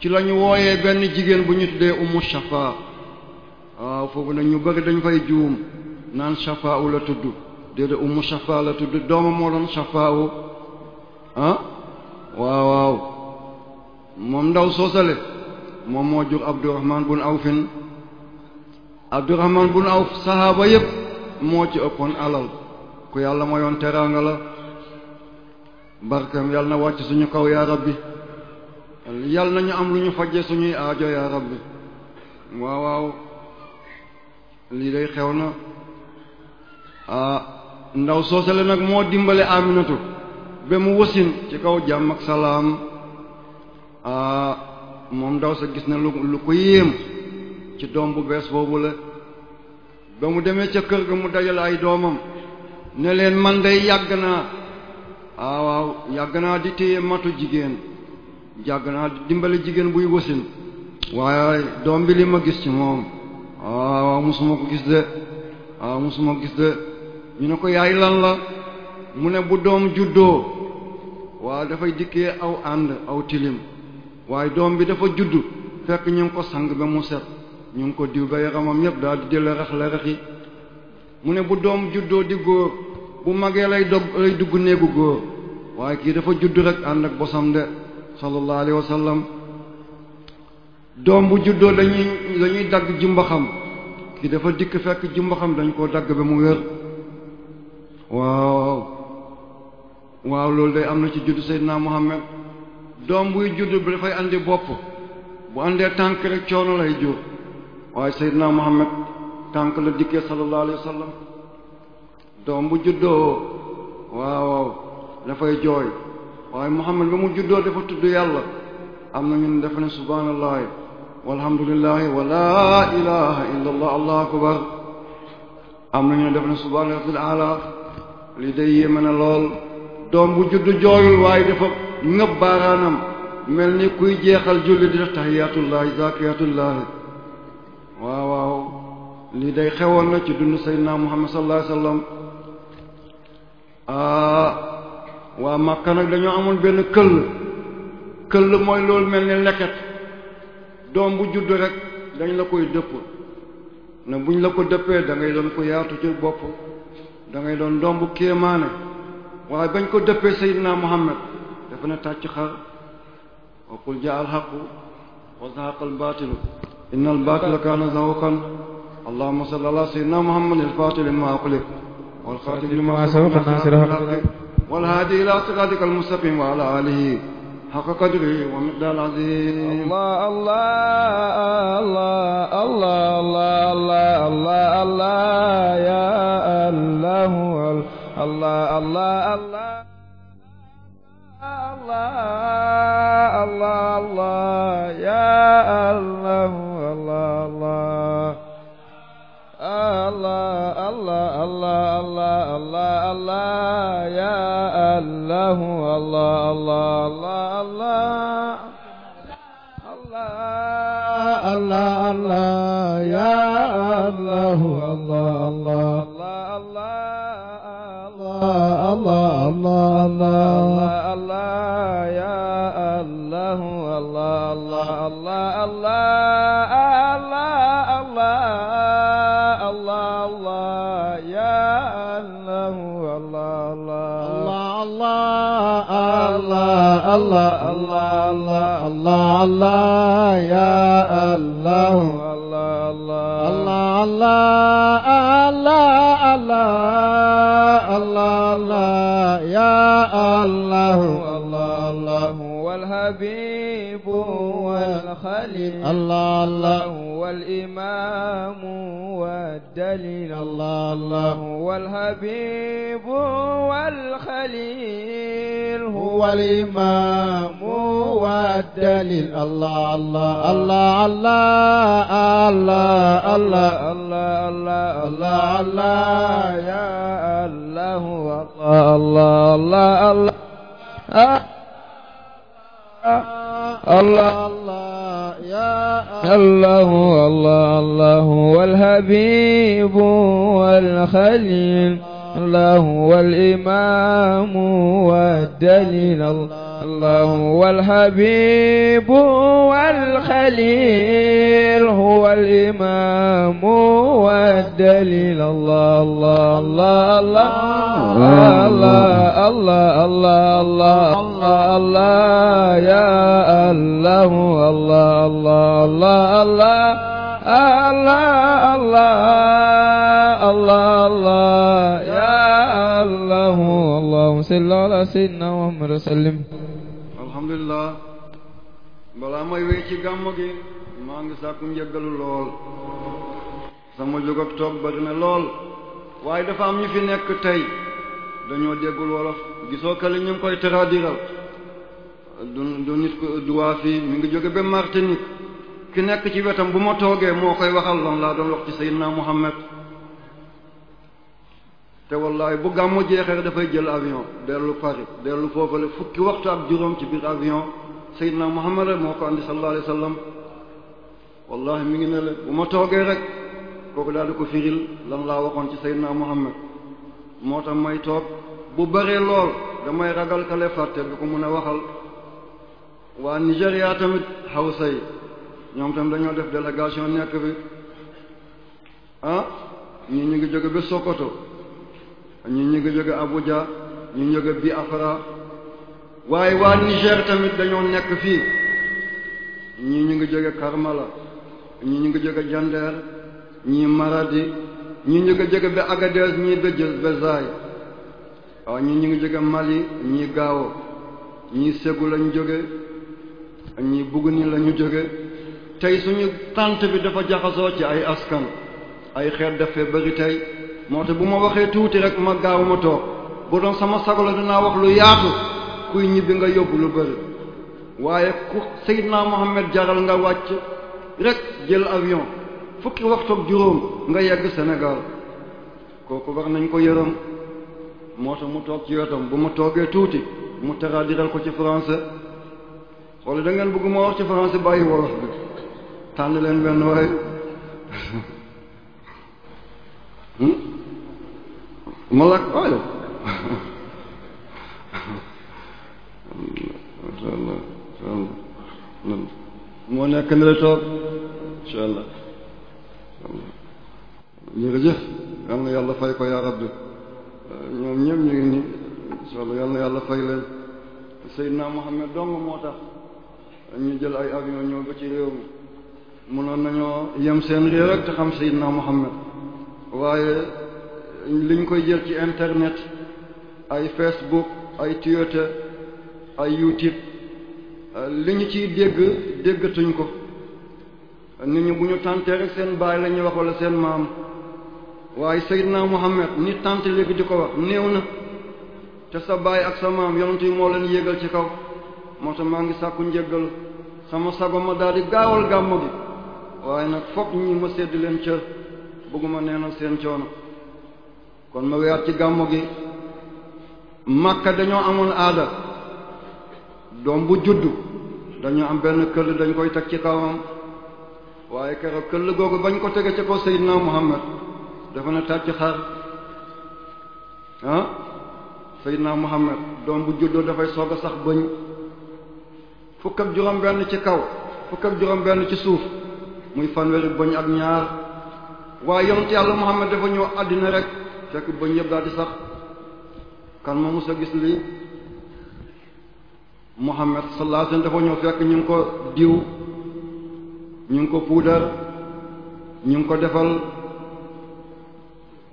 ci la ñu wooyee benn jigéen bu ñu tuddee ummu shafa waaw foofu nag ñu bari dañu fay juum naan shafau la tudd déedéet ummu shafa la tudd doomam moo doon shafau ah waaw waaw moom ndaw soosale moom moo jur abdurahman bun awfin abdurahman bun awf sahaaba yépp moo ci ëppoon alal ku yàlla mayoon teraanga la barkam yàlla na wàcc suñu kaw yaa bi yal nañu am lu ñu fajje suñuy aajo yaa rabbi waaw waaw lii day xew na ah, ndaw ndaw soosale nag moo dimbale aminatu ba mu wasin ci kaw jàmm ak salaam ah, moom ndaw sa gis na lu lu ko yéem ci doom bu bees boobu la ba mu demee ca kër ga mu dajale ay doomam ne leen man day yàgg naa ah waaw yàgg naa di téye matu jigéen jàgg naa dimbale jigéen buy wasin waaye doom bi lii ma gis ci moom ah, waaw musuma ko gis de waaw ah, musuma ko gis de ñu ne ko yaay lan la mu ne bu doom juddoo waaw dafay dikkee aw ànd aw tilim waaye doom bi dafa judd fekk ñu ngi ko sang ba mu set ñu ngi ko diw ba yaramam yépp daal di jël rex la mu ne bu doom juddoo di góor bu magee lay dog lay dugg néegu góor waaye kii dafa juddu rek ànd ak bosam de sallallahu alayhi wa sallam doom bu juddoo dañuy dañuy dagg jumbaxam ki dafa dikk fekk jumbaxam dañ koo dagg ba mu wér waaw waaw loolu de am na ci juddu Seydina Muhammad doom buy judd bi dafay andi bopp bu andee tànk rek coono lay jur waaye Seydina Muhammad tànk la dikkee sallallahu alayhi wa doom bu juddoo waaw dafay jooy waaye Muhammad ba mu juddoo dafa tudd yàlla am na ñun dafa ne subhaanallahi walhamdulillahi wa laa ilaha illa allah na ñun dafa ne subhaana rabbil ala li day yéeme lool doom bu juddu jooyul waaye dafa ngëb mel ni kuy jeexal julli di def tahiyatullahi zakiyatullahi waaw waaw lii day xewoon na ci dund sayyidina Muhammad sallallahu alayhi waa Makka nag dañoo amoon benn këll këll mooy loolu mel ni leket doom bu judd rek dañ la koy dëpp na buñ la ko dëppee da ngay doon ko yaatu ci bopp da ngay doon doom bu kéemaane waaye bañ ko dëppee Seydina Muhammad dafa ne tàcc xar wa qul jaa alxaqu wa zahaqa albaatilu inna albaatila kaana zahuqan allahumma salli ala Seydina Muhammadin alfaatili ma uqlik wal xaatimi lima sabaqa nasir والهادي إلى صراطك المستقيم وعلى آله حق قدره ومقدار العظيم الله الله الله الله الله الله الله الله يا الله الله الله الله الله الله الله يا الله الله الله الله الله يا الله الله الله الله الله الله الله الله يا الله الله الله الله الله الله الله الله الله يا الله الله الله الله الله الله الله الله الله الله يا الله الله الله الله الله الله الله الله يا الله الله الله هو الحبيب والخليل الله الله هو الإمام والدليل الله الله هو الحبيب والخليل والإمام والدليل الله الله الله الله الله الله الله الله الله يا الله الله الله الله الله الله يا الله الله الله والحبيب والخليل الله هو الإمام والدليل الله هو الحبيب والخليل هو الإمام والدليل الله الله الله الله الله الله الله الله الله يا الله الله الله الله الله الله الله الله الله allahumma salli ala sayyidina Muhammad wa sallim alhamdulillah balaa may wéy ci gàmmu gi maa ngi sàkku njëggalu lool sama jóg ak toog bëri na lool waaye dafa am ñu fi nekk tey dañoo déggul wolof gisoo kali ñu ngi koy traduiral du du nit ko du waa fii mi ngi jóge ba Martinique ki nekk ci wetam bu ma toogee moo koy waxal lan laa doon wax ci sayyidina Muhammad te wallaay bu gàmmu jeexee rek dafay jël avion dellu Paris dellu foofale fukki waxtu ak juróom ci biir avion Seydina Muhammad rek moo ko andi sallallahu alayhi wasallam wallahi mi ngi ne la bu ma toogee rek kooku daal di ko firil lan laa waxoon ci Seydina Muhammad moo tax may toog bu baree lool damay ragal kale fàtte bi ko mun a waxal waa Nigéria tamit xaw say ñoom tam dañoo def délégation nekk bi ah ñii ñu ngi jóge ba Sokoto ñu ñu ngi jóge Abuja ñu ngi bi Biafra waaye waa Niger tamit dañoo nekk fii ñi ñu ngi jóge Karmala ñi ñu ngi jóge Jandeer ñi Maradi ñi ñu ngi jóge ba Agadez ñi ba Jëz ba Zaay waaw ñi ñu ngi jóge Mali ñi Gao ñi Ségou lañu jóge ñi Buguni lañu jóge tey suñu tànt bi dafa jaxasoo ci ay askan ay xeet dafee bari tey moo tax bu ma waxee tuuti rek ma gaaw ma toog bu doon sama sagola dinaa wax lu yaatu kuy ñibbi nga yóbbu lu bari waaye ku Seydina Mohamed jaral nga wàcc rek jël avion fukki waxtu ak juróom nga yegg Sénégal kooku wax nañ ko yërëm moo tax mu toog ci wetam bu ma toogee tuuti mu traduiral ko ci français xool da ngeen bëgg ma wax ci français bàyyi wolof bi tànn leen benn <laughs> Молоко? incha allah moo nekk ni la toog incha allah jërëjëf yal na yàlla fay ko yaa bi ñoom ñëpp ñu ngi nii incha allah yal yàlla fay leen Seydina Mohamed dong moo tax ñu jël ay avion ñëw ba ci réew mi mënoon nañoo yem seen réew rek te xam Seydina Mohamed waaye liñ koy jël ci internet ay Facebook ay Twitter ay YouTube li ñu ciy dégg déggatuñ ko nit ñi bu ñu tàntee seen baay lañuy ñuy wax wala seen maam waaye Seydina Muhammad ni tànt léegi di ko wax néew na te sa baay ak sa maam yonent yi moo leen yéegal ci kaw moo tax maa ngi sàkku njégal sama sago ma daldi di gaawal gàmmu gi waaye nag fokk ñi ma sedd leen cër bëgguma neenal seen coono kon ma weewaat ci gàmmu gi Makka dañoo amoon aada doom bu juddu dañoo am benn këll dañ koy teg ci kawam waaye keroog këll googu bañ koo tege ci kaw Seydina Muhammad dafa na tàcc xar ah Seydina Muhammad doom bu juddoo dafay soog a sax bëñ fukk ak juróom benn ci kaw fukk ak juróom benn ci suuf muy fanweeri bëñ ak ñaar waaye ci àll Muhammad dafa ñëw àddina rek fekk bëñ yëpp daal di sax kan moo mës gis lii Muhammad sallallahu alayhi wasallam dafa ñëw fekk ñu ngi ko diw ñu ngi ko puudar ñu ngi ko defal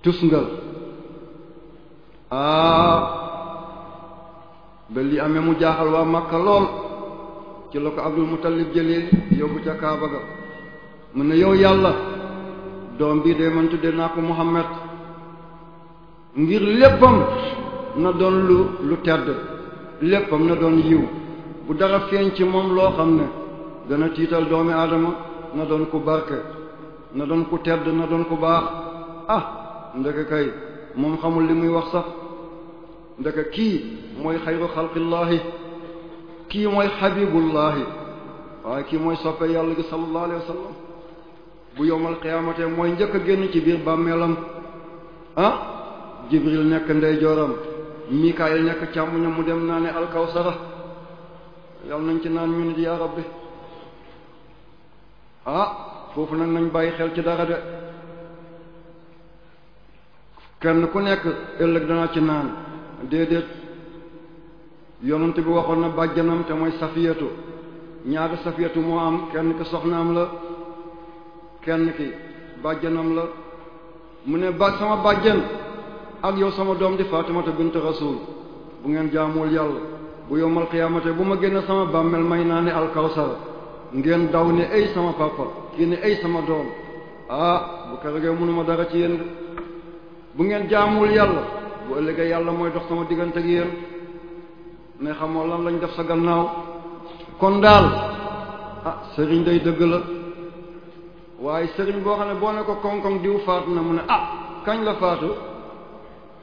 tusngal aa ba li amee mu jaaxal waa Makka lool ci la ko Abdul Muttalib jëlee yóbbu ca Kaaba ga mu ne yow yàlla doom bii de man tudde naa ko Muhammad ngir léppam na doon lu lu tedd léppam na doon yiw bu dara feeñ ci moom loo xam ne dana tiital doomi aadama na doon ku barke na doon ku tedd na doon ku baax ah ndeke kay moom xamul li muy wax sax ndeke kii mooy xayru xalqillaahi kii mooy xabibullaahi waaye kii mooy soppe yàlla gi sallallahu alayhi wa sallam bu yowmal qiyaamatee mooy njëkk a génn ci biir bàmmeelam ah? jibril nekk ndeyjooram mikaayil nekk càmmoñam mu dem naa ne alkawsara yal nañ ci naan ñu nit yaa bi ah foofu nag nañ bàyyi xel ci dara de kenn ku nekk ëllëg danaa ci naan déedéet yonent bi waxoon na bàjjanam te mooy safiyatu ñaari safiyatu moo am kenn ki soxnaam la kenn ki bàjjanam la mu ne ba sama bàjjan ak yow sama doom di Fatimata bint Rasul bu ngeen jaamul yàlla bu yowmal qiyaamate bu ma génne sama bàmmeel may naa ne alkawsar ngeen daw ne ay sama papa kii ne ay sama doom ah bu keroogee mënuma dara ci yéen bu ngeen jaamul yàlla bu ëllëgee yàlla mooy dox sama diggante ak yéen mais xamoo lan lañu def sa gannaaw kon daal ah sëriñ day dëgg la waaye sëriñ boo xam ne boo ne ko koŋ-koŋ diw faatu na mu ne ah kañ la faatu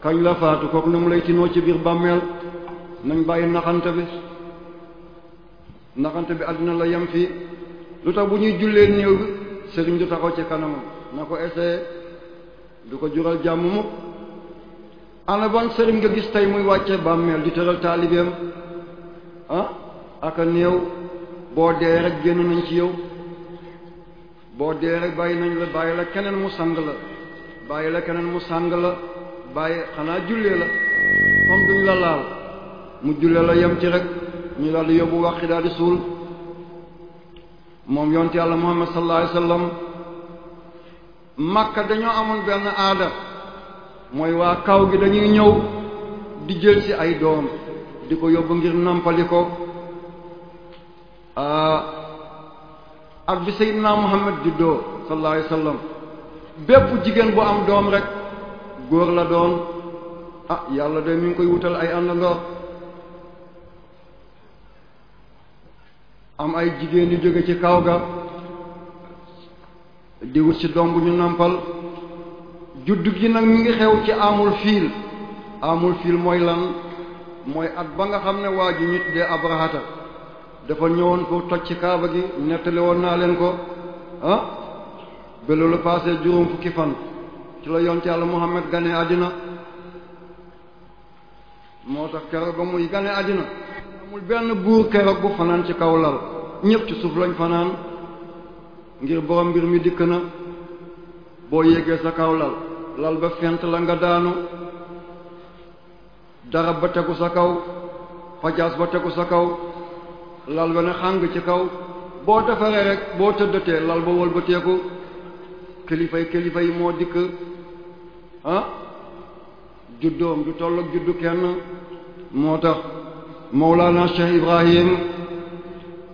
kañ la faatu kook nu mu lay tinoo ci biir bàmmeel nañ bàyyi naxante bi naxante bi àddina la yem fii lu tax bu ñuy jullee néew bi sëriñ du taxaw ci kanamam na ko essayé du ko jural jàmm mu ana ban sëriñ nga gis tey muy wàcce bàmmeel di tëral taalibeem ah aka néew boo dee rek génn nañ ci yow boo dee rek bàyyi nañ la bàyyi la keneen mu sang la bàyyi la keneen mu sang la bàyyi xanaa jullee la moom duñ la laal mu jullee la yem ci rek ñu daal di yóbbu wax daal di suul moom yonte yàlla muhammad sallallahu alayhi wasallam makka dañoo amoon benn aada mooy waa kaw gi dañuy ñëw di jël ci ay doom di ko yóbbu ngir nampali ko ah, ak bi sayyidina muhammad juddoo sallallahu alayhi bépp jigéen bu am doom rek góor la doon ah yàlla de mi ngi koy wutal ay àndandoor am ay jigéen yu jóge ci kaw ga di wut ci doom bu juddu gi nag mu ngi xew ci amul fiil amul fiil mooy lan mooy at ba nga xam ne waa ji ñu tuddee abrahata dafa ñëwoon pour toj ci kaaba gi nettali woon naa leen ko ah ba juróom fukki fan ci la yonte yàlla Muhammad gane àddina moo tax keroog ba muy gane àddina amul benn buur keroog bu fanaan ci kaw lal ñëpp ci suuf lañ fanaan ngir borom mbir mi dikk na boo yéegee sa kaw lal lal ba fent la nga daanu dara ba tegu sa kaw fajaas ba tegu sa kaw lal ba ne xàng ci kaw boo defaree rek boo tëddatee lal ba wëlbateeku kilifa yi kilifa yi moo dikk ah juddoom du toll ak juddu kenn moo tax Mawlana Cheikh Ibrahim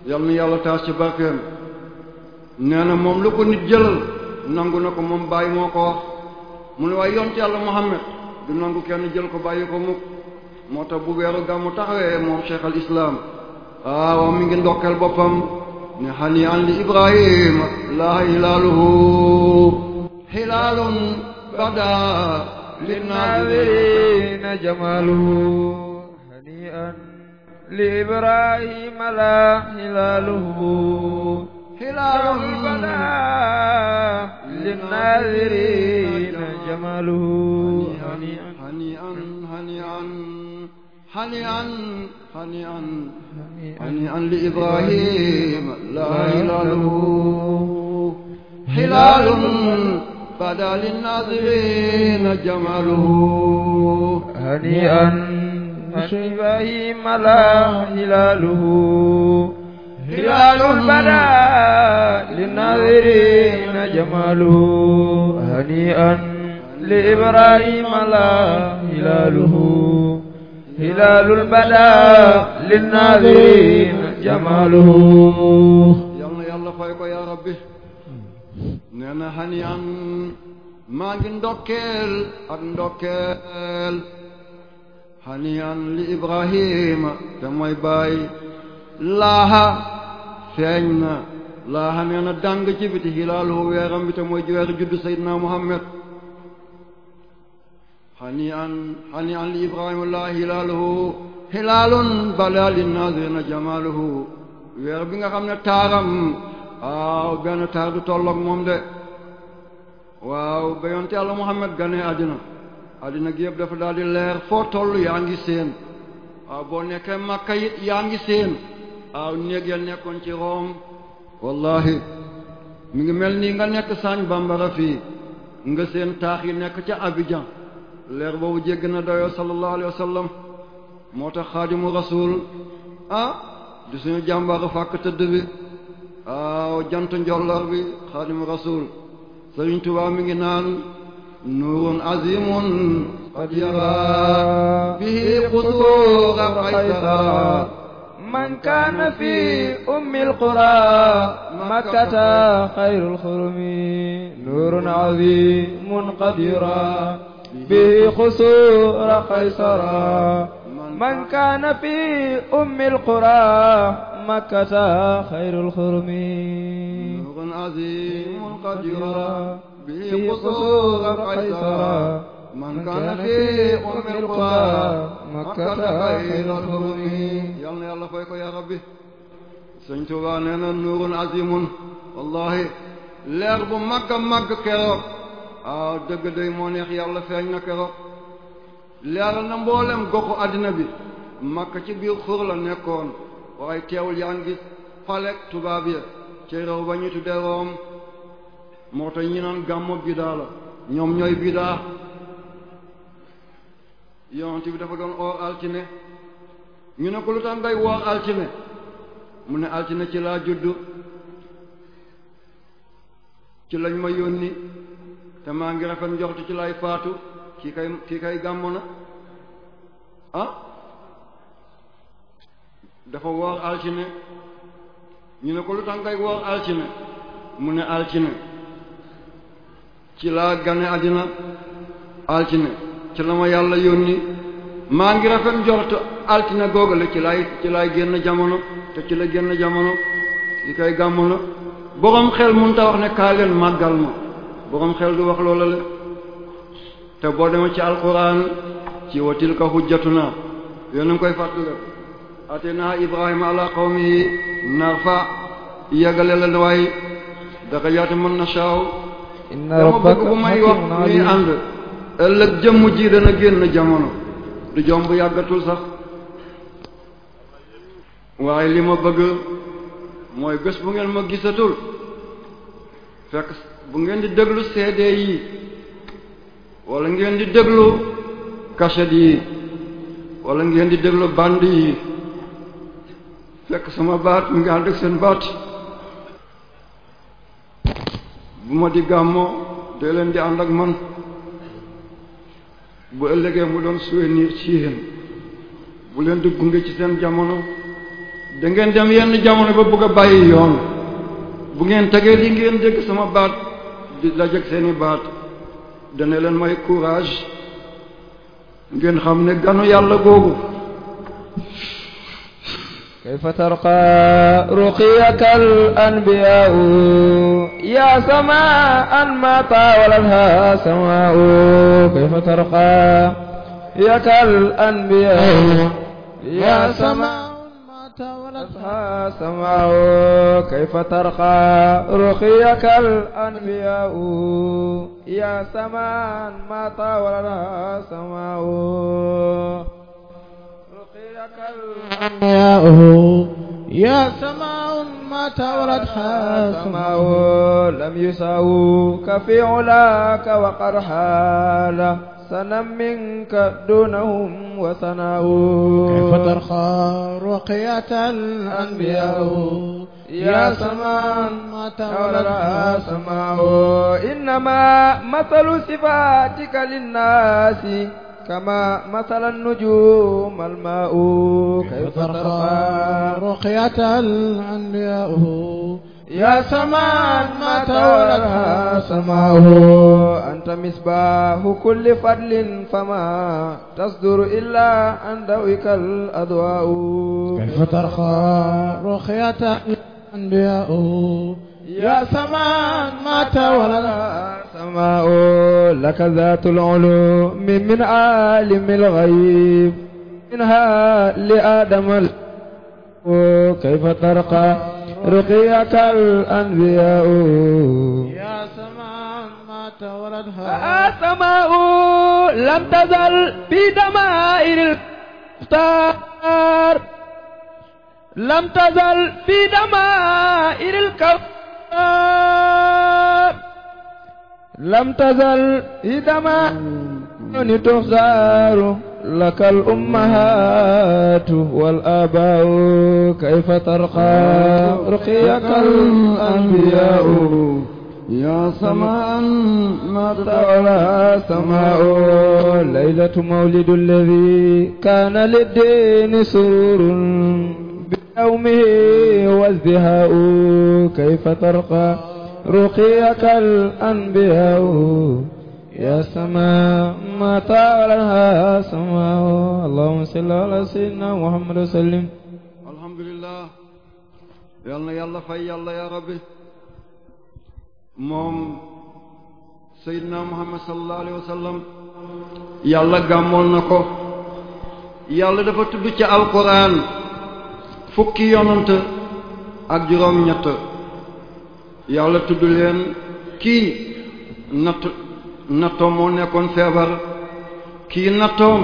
yal na yàlla taas ci barkeem nee na moom lu ko nit jël nangu na ko moom bàyyi moo ko mu ne waaye yont yàlla Muhammad du nangu kenn jël ko bàyyi ko mukk moo tax bu weeru gàmmu taxawee moom Cheikh al Islam waaw ah, mi ngi ndokkeel boppam ne xanii an li laa hilaaluhu hilaalun بدا للناظرين جماله هنيئا لإبراهيم لا هلاله هلال بدا للناظرين جماله هنيئا هنيئا هنيئا هنيئا هنيئا هنيئا لإبراهيم لا هلاله هلال بدا للناظرين جماله هنيئا شبه ملا هلاله هلال بدا للناظرين جماله هنيئا لإبراهيم لا هلاله هلال البدا للناظرين جماله يلا يلا فايكو يا ربي nee na xanian maa ngi ndokkeel ak ndokkeel xanian li ibrahima te mooy baay laaha feeñ na laaha nee na dàng ci biti xilaaluhu weeram bi te mooy weer juddu seydina muhammad xanian xanian li ibrahima laa xilaaluhu xilaalun bala linnaazirina jamaaluhu weer bi nga xam ne taaram waaw benn tax du tolloog moom de waaw ba yonte yàlla Muhammad ganee àddina àddina gi yëpp dafa daal di leer foo toll yaa ngi seen waaw boo nekkee Makka yaa ngi seen waaw néeg ya nekkoon ci Rome wallahi mi ngi mel nii nga nekk saañ bambara fii nga seen taax yi nekk ca Abidjan leer boobu jégg na dayoo sallallahu alayhi wa sallam moo tax xaadimu rasul ah du suñu jàmbaara fàkk tëdd bi waaw jant njolloor bi xaadimu rasuul sëriñ Tuubaa mi ngi naan nuurun azimun qad yara bihi qusuura qaysara man kaana fi ummil qura makkata xayrul xurumi nuurun azimun qad yara به خسور قيصرا من كان في أم القرى مكة خير الخرم نور عظيم قد يرى به قصور قيصرا من كان في أم القرى مكة خير الخرم يلا يلا فيكو يا ربي سنتو غانينا نور عظيم والله leer bu mag a mag keroog ah dëgg day moo neex yàlla feeñ na keroog leeral na mboolem goxu àddina bi makk ci biir xur la nekkoon waaye teewul yaa ngi gis tubaab ya ci réew ba ñu tudde moo tax ñi nan gàmmu bidaa la ñoom ñooy bidaa yonent bi dafa doon oor altine ñu ne ko lu tax day woor altine mu ne altine ci laa juddu ci lañ ma yónni te maa ngi rafet njortu ci lay faatu kii kay kii kay gàmmu na ah dafa woor altine ñu ne ko lu tax ngay woor altine mu ne altine ci la gane àddina altine ci la ma yàlla yónni maa ngi rafet njort altine googale ci ci lay génn jamono te ci la génn jamono kii kay gàmmu na boroom xel mun ta wax ne kaa leen màggal ma boroom xel du wax loola la te boo demee ci alxuraan ci wa tilka hujjatuna yéen a ngi koy fàttali atina ibrahima ala qawmihi narfa yàggale la waay darajaati man nashaa dama bëgg bu may wax ñuy ànd ëllëg jëmm ji dana génn jamono du jomb yàggatul sax waaye li ma bëgg mooy bés bu ngeen ma gisatul bu ngeen di déglu seede yi wala ngeen di déglu cassette yi wala ngeen di déglu bande yi fekk sama baat mu ngi ànd ak seen baat bu ma di gàmmoo dee leen di ànd ak man bu ëllëgee mu doon souvenir ci yéen bu leen di gunge ci seen jamono dangeen ngeen dem yenn jamono ba bëgg a bàyyi yoon bu ngeen tegee li ngeen dégg sama baat di dajeek seeni baat dana leen may courage ngeen xam ne ganu yàlla googu kayfa tarqa ruqiyaka al anbiyaa'u yaa samaan ma taawalha samaa'u kayfa tarqa yaka al anbiyaa'u yaa samaan أصحى سمعه كيف ترقى رقيك الأنبياء يا سماء ما طاولنا سمعه رقيك الأنبياء يا سماء ما تورتها سماء لم يساوك في علاك وقرحاله أحسن منك دونهم وثناؤه كيف ترخى رقية الأنبياء يا سماء ما تولدها سماء إنما مثل صفاتك للناس كما مثل النجوم الماء كيف ترخى رقية الأنبياء يا سماء ما تولتها سماه أنت مصباح كل فضل فما تصدر إلا عن ضوئك الأضواء كيف ترخى رخية الأنبياء يا سماء ما تولى سماء لك ذات العلوم من عالم الغيب منها لآدم كيف ترقى رقيك الأنبياء يا سماء ما توردها يا سماء لم تزل بدمائر الكفار لم تزل في دمائر الكفار لم تزل في دمائر تخسار لك الأمهات والآباء كيف ترقى رقيك الأنبياء يا سماء ما تولى سماء ليلة مولد الذي كان للدين سرور بيومه وازدهاء كيف ترقى رقيك الأنبياء يا سماء ما تعالها سماء اللهم صل على سيدنا محمد وسلم الحمد لله yàlla na yàlla fay yàlla ya rabbi moom Seydina Muhammad sallallahu alayhi wa sallam yàlla gàmmool na ko yàlla dafa tudd ci alquran fukki yonant ak juróom-ñett yàlla tudd leen kii natt nattoom moo nekkoon feebar kii nattoom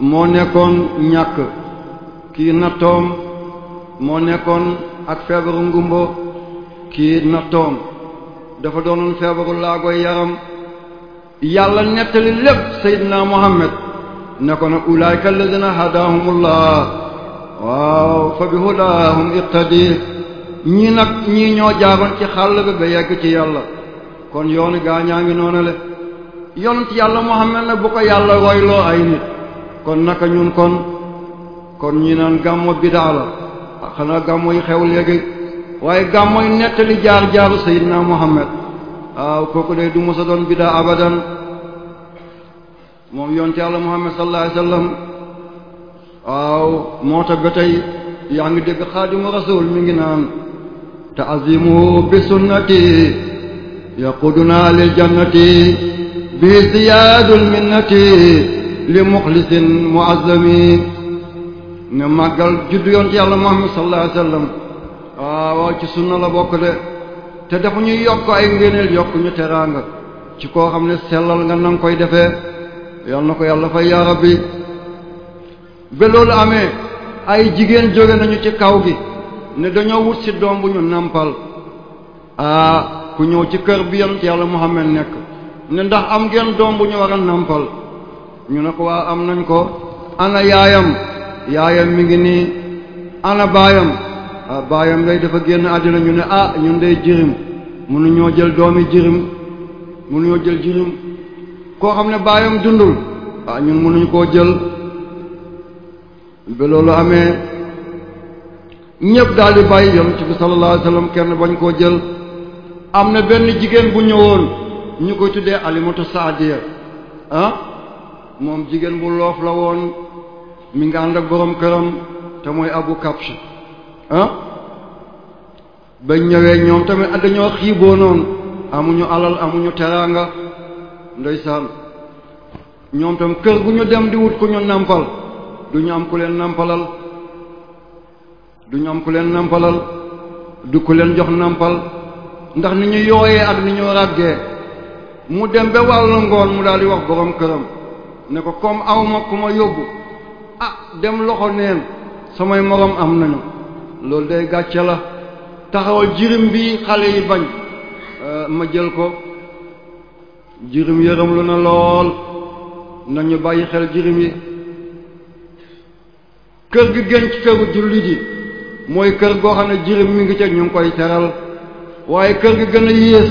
moo nekkoon ñàkk kii nattoom moo nekkoon ak feebaru ngumbo kii nattoom dafa doonoon feebaru laagoy yaram yàlla nettali lépp seydina muhammad ne ko na ulaayka alladina hadahumullah waaw fa bi hudahum ittadi ñii nag ñii ñoo jaaroon ci xàll bi ba yegg ci yàlla kon yoonu gaañaa ngi noonale yonent yàlla Muhammad na bu ko yàlla royloo ay nit kon naka ñun kon kon ñi naan gàmmo bidaa la ah, xanaa gàmmo xew léegi waaye gàmmo yi nettali jaar-jaaru Seydina Muhammad waaw kooku de du mos a doon bidaa abadan moom yonent yàlla Muhammad sallallahu alayhi wasallam waaw moo tax ba tey yaa ngi mi ngi naan ta'zimu bi sunnati yaquduna lil jannati bi siyaadul minnati li muxlisin muazzamin ne màggal juddu yoon ci yàlla muhammad sallallahu alayhi wasallam waaw ci sunna la bokk de te dafa ñuy yokk ay ngéneel yokk ñu teraanga ci koo xam ne sellal nga nanga koy defee yon na ko yàlla fay yaa bi ba loolu amee ay jigéen jóge nañu ci kaw gi ne dañoo wut si doom bu ñu nampal ah ku ñëw ci kër bi yonent yàlla Muhammad nekk ne ndax am ngeen doom bu ñu war a nampal ñu ne ko waa am nañ ko ana yaayam yaayam mi ngi nii ana baayam ah baayam lay dafa génn ñu ne ah ñun day jirim mënuñoo jël doomi jirim mënuñoo jël jirim koo xam ne baayam dundul ah ñun mënuñ koo jël ba ame amee ñëpp daal di bàyyi yonent bi sallallahu kenn bañ koo jël am na benn jigéen bu ñëwoon ñu koy tuddee alimatu saadiya ah moom jigéen bu loof la woon mi nga ànd ak këram te mooy abu kabsha ah ba ñëwee ñoom tamit dañoo xiiboo noonu amuñu alal amuñu teraanga ndeysaan ñoom tam kër gu ñu dem di wut ku ñu nampal du ñu am ku leen nampalal du ñu leen nampalal du ku leen jox nampal ndax ni ñu yooyee ak ni ñu ràggee mu dem ba wàllu ngoon mu daal di wax borom këram ne ko comme awma ku ma yóbbu a ah, dem loxo neen samay morom am nañu loolu day gàcce la taxawal jirim bi xale yi bañ euh, ma jël ko jirim yërëm lu na lool nañu bàyyi xel jirim yi kër gi gën ci këru jullit yi mooy kër goo xam ne jirim mi ngi cee ñu ngi koy teral waaye kër gi gën a yées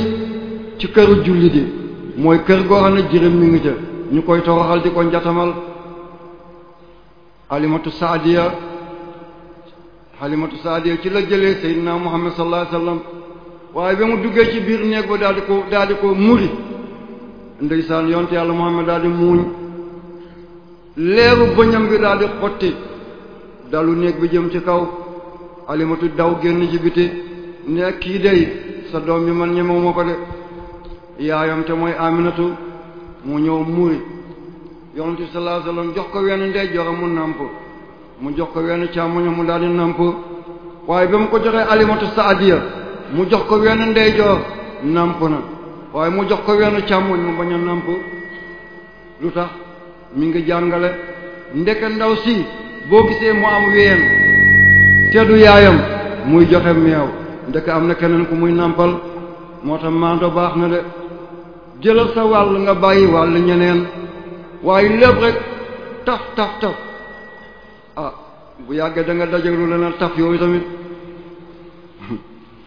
ci këru julli yi mooy kër goo xam ne jirim mi ngi ca ñu koy toroxal di ko njatamal halimatu saadiya halimatu saadiya ci la jëlee seydina muhammad sallallahu alayhi wasallam waaye ba mu duggee ci biir néeg ba daal di ko daal di ko muri ndeysaan yonte yàlla muhammad daal di muuñ leeru bëñam bi daal xotti dalu néeg bi jëm ci kaw alimatu daw génn ci biti ne kii day sa doom bi man ñemewuma ko de yaayam te mooy aminatu mu ñëw muuri yonent bi sallallahu alayhi wasallam jox ko wenn ndeyjooram mu nàmp mu jox ko wenn càmmoñam mu daal di nàmp waaye ba mu ko joxee alimatu saadiya mu jox ko wenn ndeyjoor nàmp na waaye mu jox ko wenn càmmoñ mu bañ a nàmp lu tax mi ngi jàngale ndeke ndaw si boo gisee mu am ween te du yaayam muy joxe meew ndeke am na keneen ku muy nàmpal moo tax maando baax na de jëlal sa wàll nga bàyyi wàll ñeneen waaye lépp rek taf taf taf ah bu yàggee danga nga daje lu leen taf yooyu tamit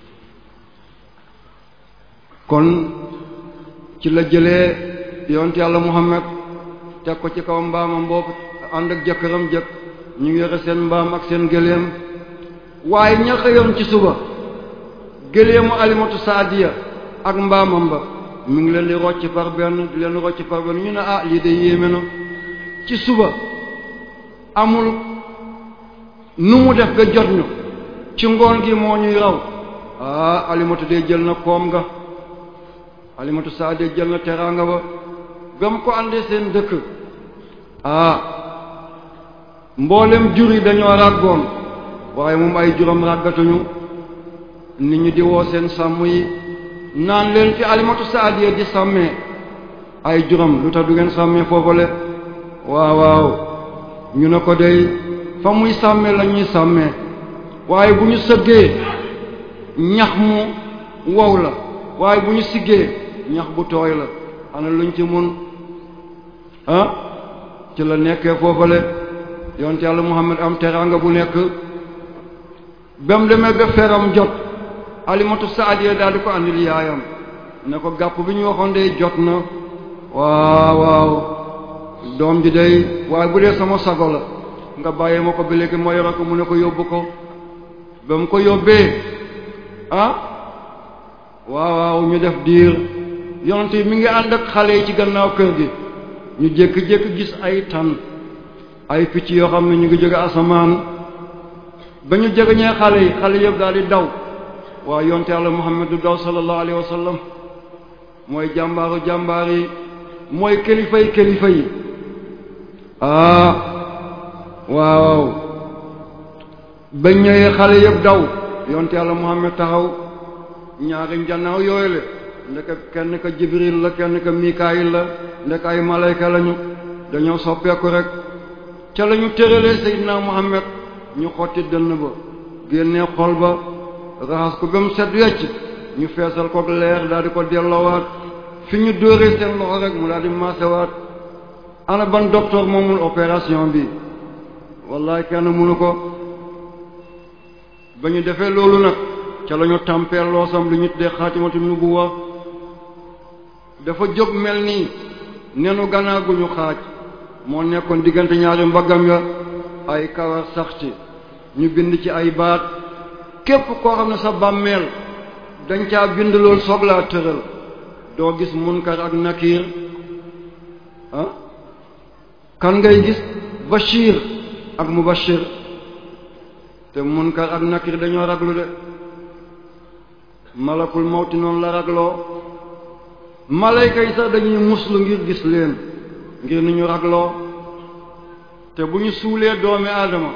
<laughs> kon ci la jëlee yoon yonent yàlla Muhammad teg ko ci kaw mbaamam boobu ànd ak jëkkëram jëkk ñu ngi yore seen mbaam ak seen gëléem waaye ña xëyoon ci suba gëléemu alimatu saadiya ak mbaamam ba mu ngi leen di rocc par benn di leen rocc par benn ñu ne ah lii de yéeme na ci suba amul nu mu def ba jot ñu ci ngoon gi moo ñuy raw ah alimatu de jël na koom ga alimatu saa de jël na teraanga ba ba mu ko àndee seen dëkk ah mboolem jur yi dañoo ràggoon waaye moom ay juróom ràggatuñu nit ñi di seen sàmm yi naan leen fi alimatu saadiya di sàmmee ay juróom lu tax du ngeen sàmmee foofale waaw ñu ne ko dey fa muy sàmmee la ñuy waaye bu ñu sëggee ñax mu wow la waaye bu ñu siggee ñax bu tooy la ana luñ ci mun ah ci la nekkee foofale yonte yàlla Muhammad am teraanga bu nekk ba mu demee ba feram jot alimatu saadiya daal di ko andil yaayam ne ko gàpp bi ñu waxoon de jot na waaw waaw doom ji day waaye bu dee sama sago la nga bàyyee ma ko bi léegi ma yore ko mu ne ko yóbbu ko ba mu ko yóbbee ah waaw waaw ñu def diir yonent mi ngi ànd ak xale yi ci gannaaw kër gi ñu jékki-jékki gis ay tan ay picc yoo xam ne ñu ngi jóge asamaan ba ñu jegeñee xale yi xale yëpp daal di daw waaye yonte yàlla Muhammad du daw sallallahu alayhi wa sallam mooy jàmbaaru jàmbaar yi mooy kilifa yi kilifa yi ah waaw ba ñëwee xale yëpp daw yonte yàlla Muhammad taxaw ñaari njannaaw yooyu la ndeka kenn ka Jibril la kenn ka Mikaayil la ndeka ay malayka lañu dañoo soppeeku rek ca lañu tëralee Seydina Muhammad ñu xotti dënn ba génnee xol ba raxas ko ba mu set ñu feesal kook leer daal di ko delloowaat fi ñu dóoree seen loxo rek mu daal di maasewaat ana ban moomul opération bi wallaay kenn mënu ko ba ñu defee loolu nag ca la ñu tàmpeel loosam lu ñu tuddee xaatimatu nubuwa dafa jóg mel nii nenu ganaar gu ñu xaaj moo nekkoon diggante ñaari mbaggam ya ay kawar sax ci ñu bind ci ay baat képp koo xam ne sa bàmmeel dañ ca bind loolu laa tëral doo gis munkar ak nakiir ah kan ngay gis bashir ak mubashir te munkar ak nakiir dañoo raglu de malakul mawti noonu la ragloo malayka yi sax dañuy muslu ngir gis leen ngir ni ñu ragloo te bu ñu suulee doomi aadama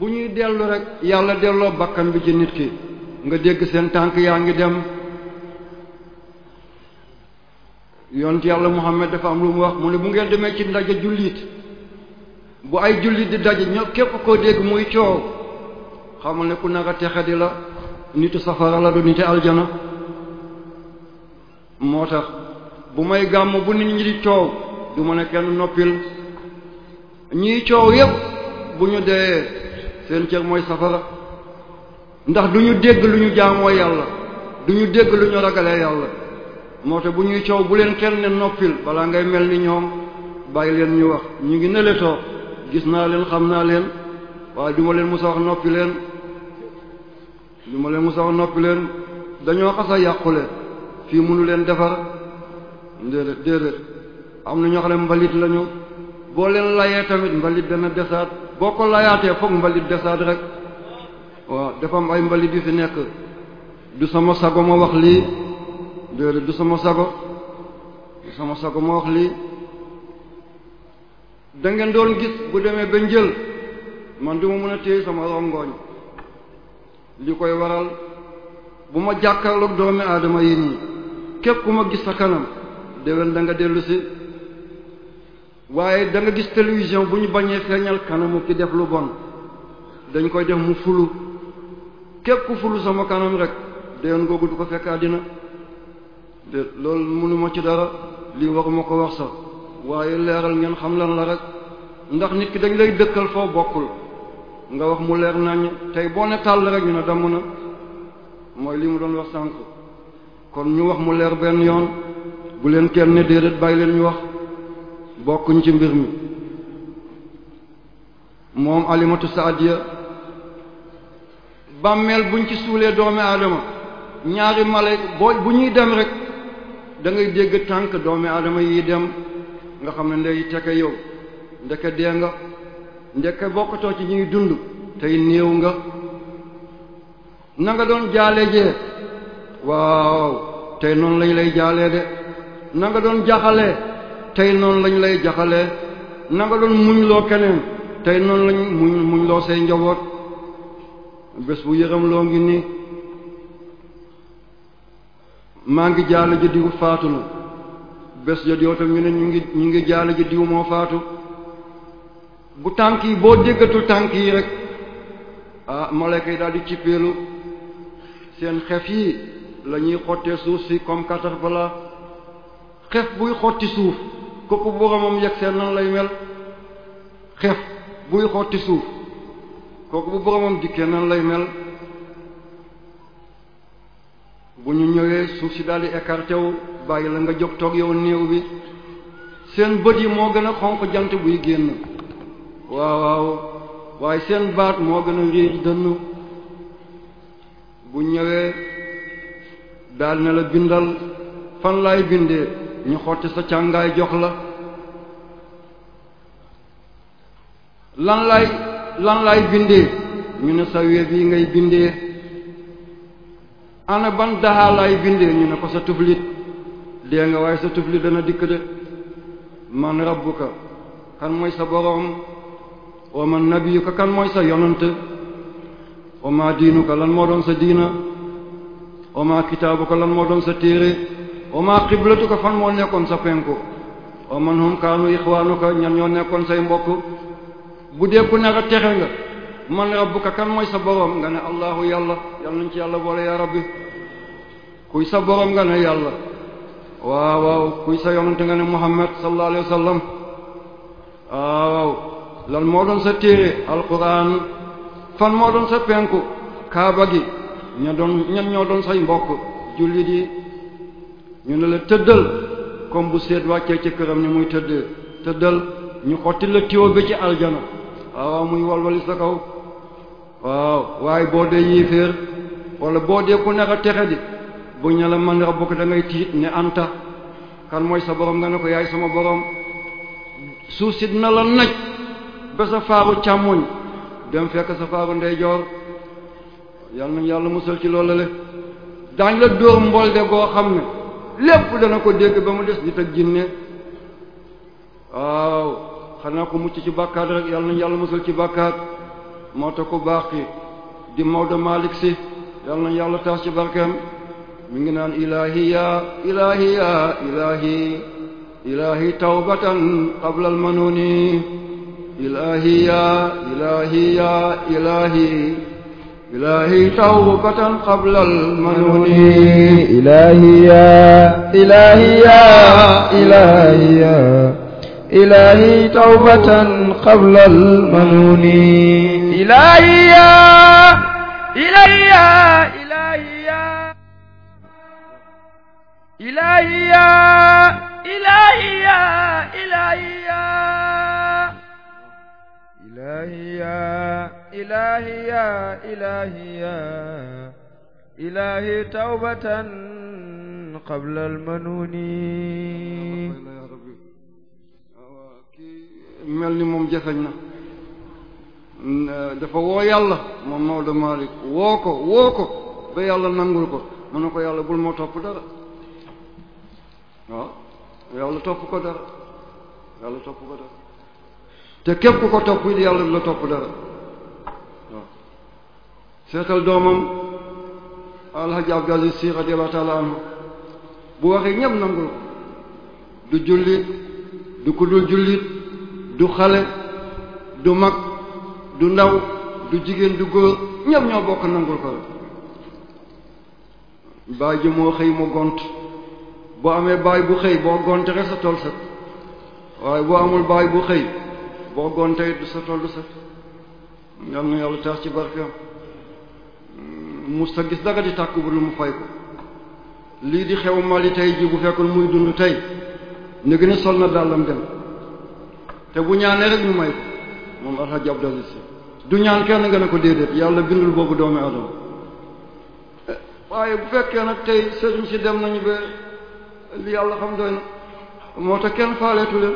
bu ñuy dellu rek yàlla delloo bakkan bi ci nit ki nga dégg seen tànk yaa ngi dem yonent yàlla Muhammad dafa am lu mu wax mu ne bu ngeen demee ci ndaje jullit bu ay jullit di daje ñoo képp koo dégg muy coow xamal ne ku naka texe di la nitu safara la du nite aljana moo tax bu may gàmm bu nit ñi di coow du ma ne kenn noppil ñiy coow yépp bu ñu dee seen cër mooy safara ndax du ñu dégg lu ñu jaamoo yàlla du ñu dégg lu ñu ragalee yàlla moo te bu ñuy coow bu leen kenn ne noppil balaa ngay mel ni ñoom bàyyi leen ñu wax ñu ngi nele gis naa leen xam naa leen waaye du ma leen musa wax noppi leen du ma leen musa wax noppi leen dañoo xas a yàqule fii mënu leen defar déedéet déedéet am na ñoo mbalit lañu boo leen layee tamit mbalit dana desaat boo ko layaatee foog mbalit desaat rek waaw dafa am ay mbalit yu fi nekk du sama sago ma wax lii déedéet sama sago du sama sago ma wax lii da ngeen doon gis bu demee ba njël man du ma mën a téye sama rongoñ li koy waral bu ma jàkkaarloog doomi aadama yi nii képp ku ma gis sa kanam déwén danga dellusi waaye da gis télévision bu ñu bañee feeñal kanamu ki def lu bon dañ koy def mu fulu képp ku sama kanam rek déyoon googu du ko fekk àddina de loolu mënuma ci dara lii waruma ko wax sax waaye leeral ngeen xam lan la rek ndax nit ki dañ lay dëkkal foo bokkul nga wax mu leer nañ tey boo ne tàll rek ñu ne damm na mooy li mu doon wax sànq kon ñu wax mu leer benn yoon bu leen kenn ne déedéet bàyyi leen ñu wax bokkuñ ci mbir mi moom alimatu saadiya bàmmeel buñ ci suulee doomi aadama ñaari male boo bu ñuy dem rekk dangay ngay dégg tànk doomi aadama yi dem nga xam ne ndey teke yow ndeke dee nga ndeke bokkatoo ci ñuy dund tey néew nga na nga doon jaale jee waaw tey noonu lañ lay jaale de na nga doon jaxalee tey noonu lañ lay jaxale na nga doon muñ keneen tey noonu lañ muñ loo say njaboot bés bu yëram loo ngi nii maa ngi jaalo ji diw faatu na bés jot yow tam ñu ne ñu ngi ñu ngi jaale ji diw moo faatu bu tànk yi boo déggatul tànk yi rek ah malaaka yi daal di cippeelu seen xef yi la ñuy xottee suuf si comme katar bala xef buy xotti suuf kooku boromam yegg seen nan lay mel xef buy xotti suuf kooku bu boromam dikkee nan lay mel bu ñu ñëwee suuf si daal di écarté wu bàyyi la nga jóg toog yow néew bi seen bët yi moo gën a xonq jant buy génn waaw waaw waaye seen baat moo gën a riir dënn bu ñëwee daal ne la bindal fan laay bindee ñu xotti sa càngaay jox la lan lay lan lay bindee ñu ne sa wéef yi ngay bindee ana ban daxaa lay bindee ñu ne ko sa tuflit dee nga waaye sa tuflit dana dikk de man rabbuka kan mooy sa boroom wa man nabiyuka kan mooy sa yonant wa ma diinuka lan moo doon sa diina wa ma kitaabuka lan moo doon sa téere wa maa ko fan moo nekkoon sa penku wa man hum kaanu ixwaanuka ñan ñoo nekkoon say mbokk bu dee ku nar a texe nga man rabbuka kan mooy sa boroom nga ne allahu yàlla yàlla nañ ci yàlla boole yaa rabbi kuy sa boroom nga ne yàlla waaw waaw kuy sa yonante nga ne muhammad sallallahu alayhi wa sallam waaw lan moo doon sa téere alquran fan moo doon sa penku kaaba gi ña doon ñoo doon say mbokk jullit yi ñu ne la tëddal comme bu seet wàccee ci këram ni muy tëddee tëddal ñu xotti la tiwo bi ci aljana waaw muy walwali sa kaw waaw waaye boo dee yéeféer wala boo dee ku nar a texe di bu ñu la man rabbuka da ngay tiit ne anta kan mooy sa borom nga ne ko yaay sama borom suuf si dina la naj ba sa faaru càmmoñ dem fekk sa faaru ndeyjoor yal na yàlla musal ci loolu le daañ la dóor mbolde goo xam ne lépp dana ko dégg ba mu des nit ak jinne waaw xanaa ko mucc ci bàkkaat rek yàlla nañ yàlla musal ci bàkkaat moo tax ku baax ki di Maodo malik si yàlla nañ yàlla taas ci barkeem mu ngi naan ilahiya ilahiya ilahi ilahi tawbatan qabla إلهي توبة قبل المنون إلهي يا إلهي يا إلهي يا إلهي توبة قبل المنون إلهي يا إلهي يا إلهي يا إلهي يا إلهي يا إلهي يا إلهي يا إلهي يا إلهي يا إلهي توبة قبل المنون mel ni moom jafeñ na dafa woo yàlla moom Maodo Malick woo ko woo ko ba yàlla nangul ko mu ne ko yàlla bul moo topp dara waaw yàlla topp ko dara yàlla topp ko dara te képp ku ko topp it yàlla du la topp dara waaw seetal doomam alhaji Abdul Aziz Sy radiyallahu ta'ala anhu bu waxee ñëpp nangul ko du jullit du ku jullit du xale du mag du ndaw du jigéen du góor ñëpp ñoo bokk nangul ko la baay ji moo xëy mu gont boo amee baay bu xëy boo gont rek sa tool set waaye boo amul baay bu xëy boo gontee du sa tool du set yal na yàlla taas ci barkeem mu sa gis dara di tàkk bu lu mu fay ko lii di xew Mali tey ji bu fekkoon muy dund tey ni sol na dàllam dem te bu ñaanee rek ñu may ko moom alxaj Abdal Si du ñaan kenn nga ne ko déedéet yàlla bindul boobu doomi adama waaye bu fekkee nag tey sëriñ si dem nañu ba li yàlla xam doy na moo tax kenn faaleetu leen